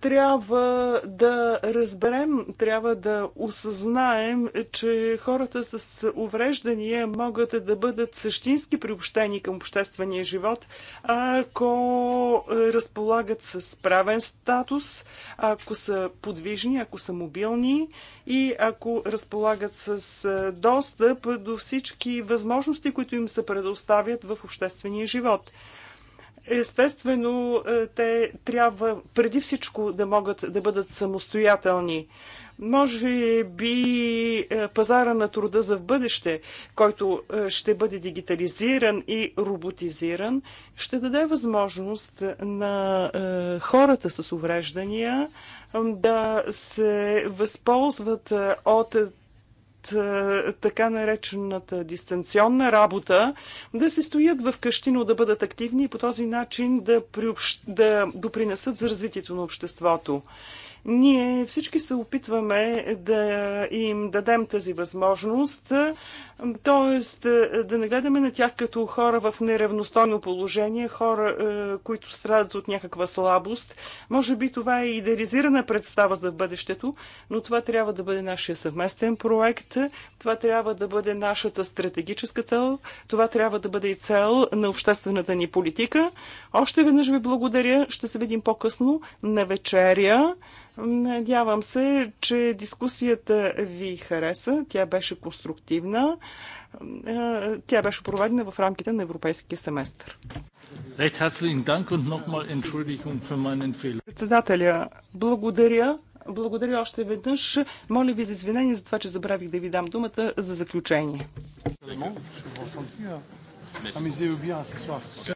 трябва да разберем, трябва да осъзнаем, че хората с увреждания могат да бъдат същински приобщени към обществения живот, ако разполагат с правен статус, ако са подвижни, ако са мобилни и ако разполагат с достъп до всички възможности, които им се предоставят в обществения живот. Естествено, е, те трябва преди всичко да могат да бъдат самостоятелни. Може би е, пазара на труда за в бъдеще, който е, ще бъде дигитализиран и роботизиран, ще даде възможност на хората с увреждания да се възползват от е, така наречената дистанционна работа, да се стоят в къщи, но да бъдат активни и по този начин да, приобщ... да допринесат за развитието на обществото. Ние всички се опитваме да им дадем тази възможност, Тоест е, да не гледаме на тях като хора в неравностойно положение, хора, е, които страдат от някаква слабост. Може би това е идеализирана представа за бъдещето, но това трябва да бъде нашия съвместен проект, това трябва да бъде нашата стратегическа цел, това трябва да бъде и цел на обществената ни политика. Още веднъж ви благодаря, ще се видим по-късно на вечеря. Надявам се, че дискусията ви хареса. Тя беше конструктивна. Тя беше проведена в рамките на европейския семестър. Председателя, благодаря. Благодаря още веднъж. Моля ви за извинение за това, че забравих да ви дам думата за заключение. Ами,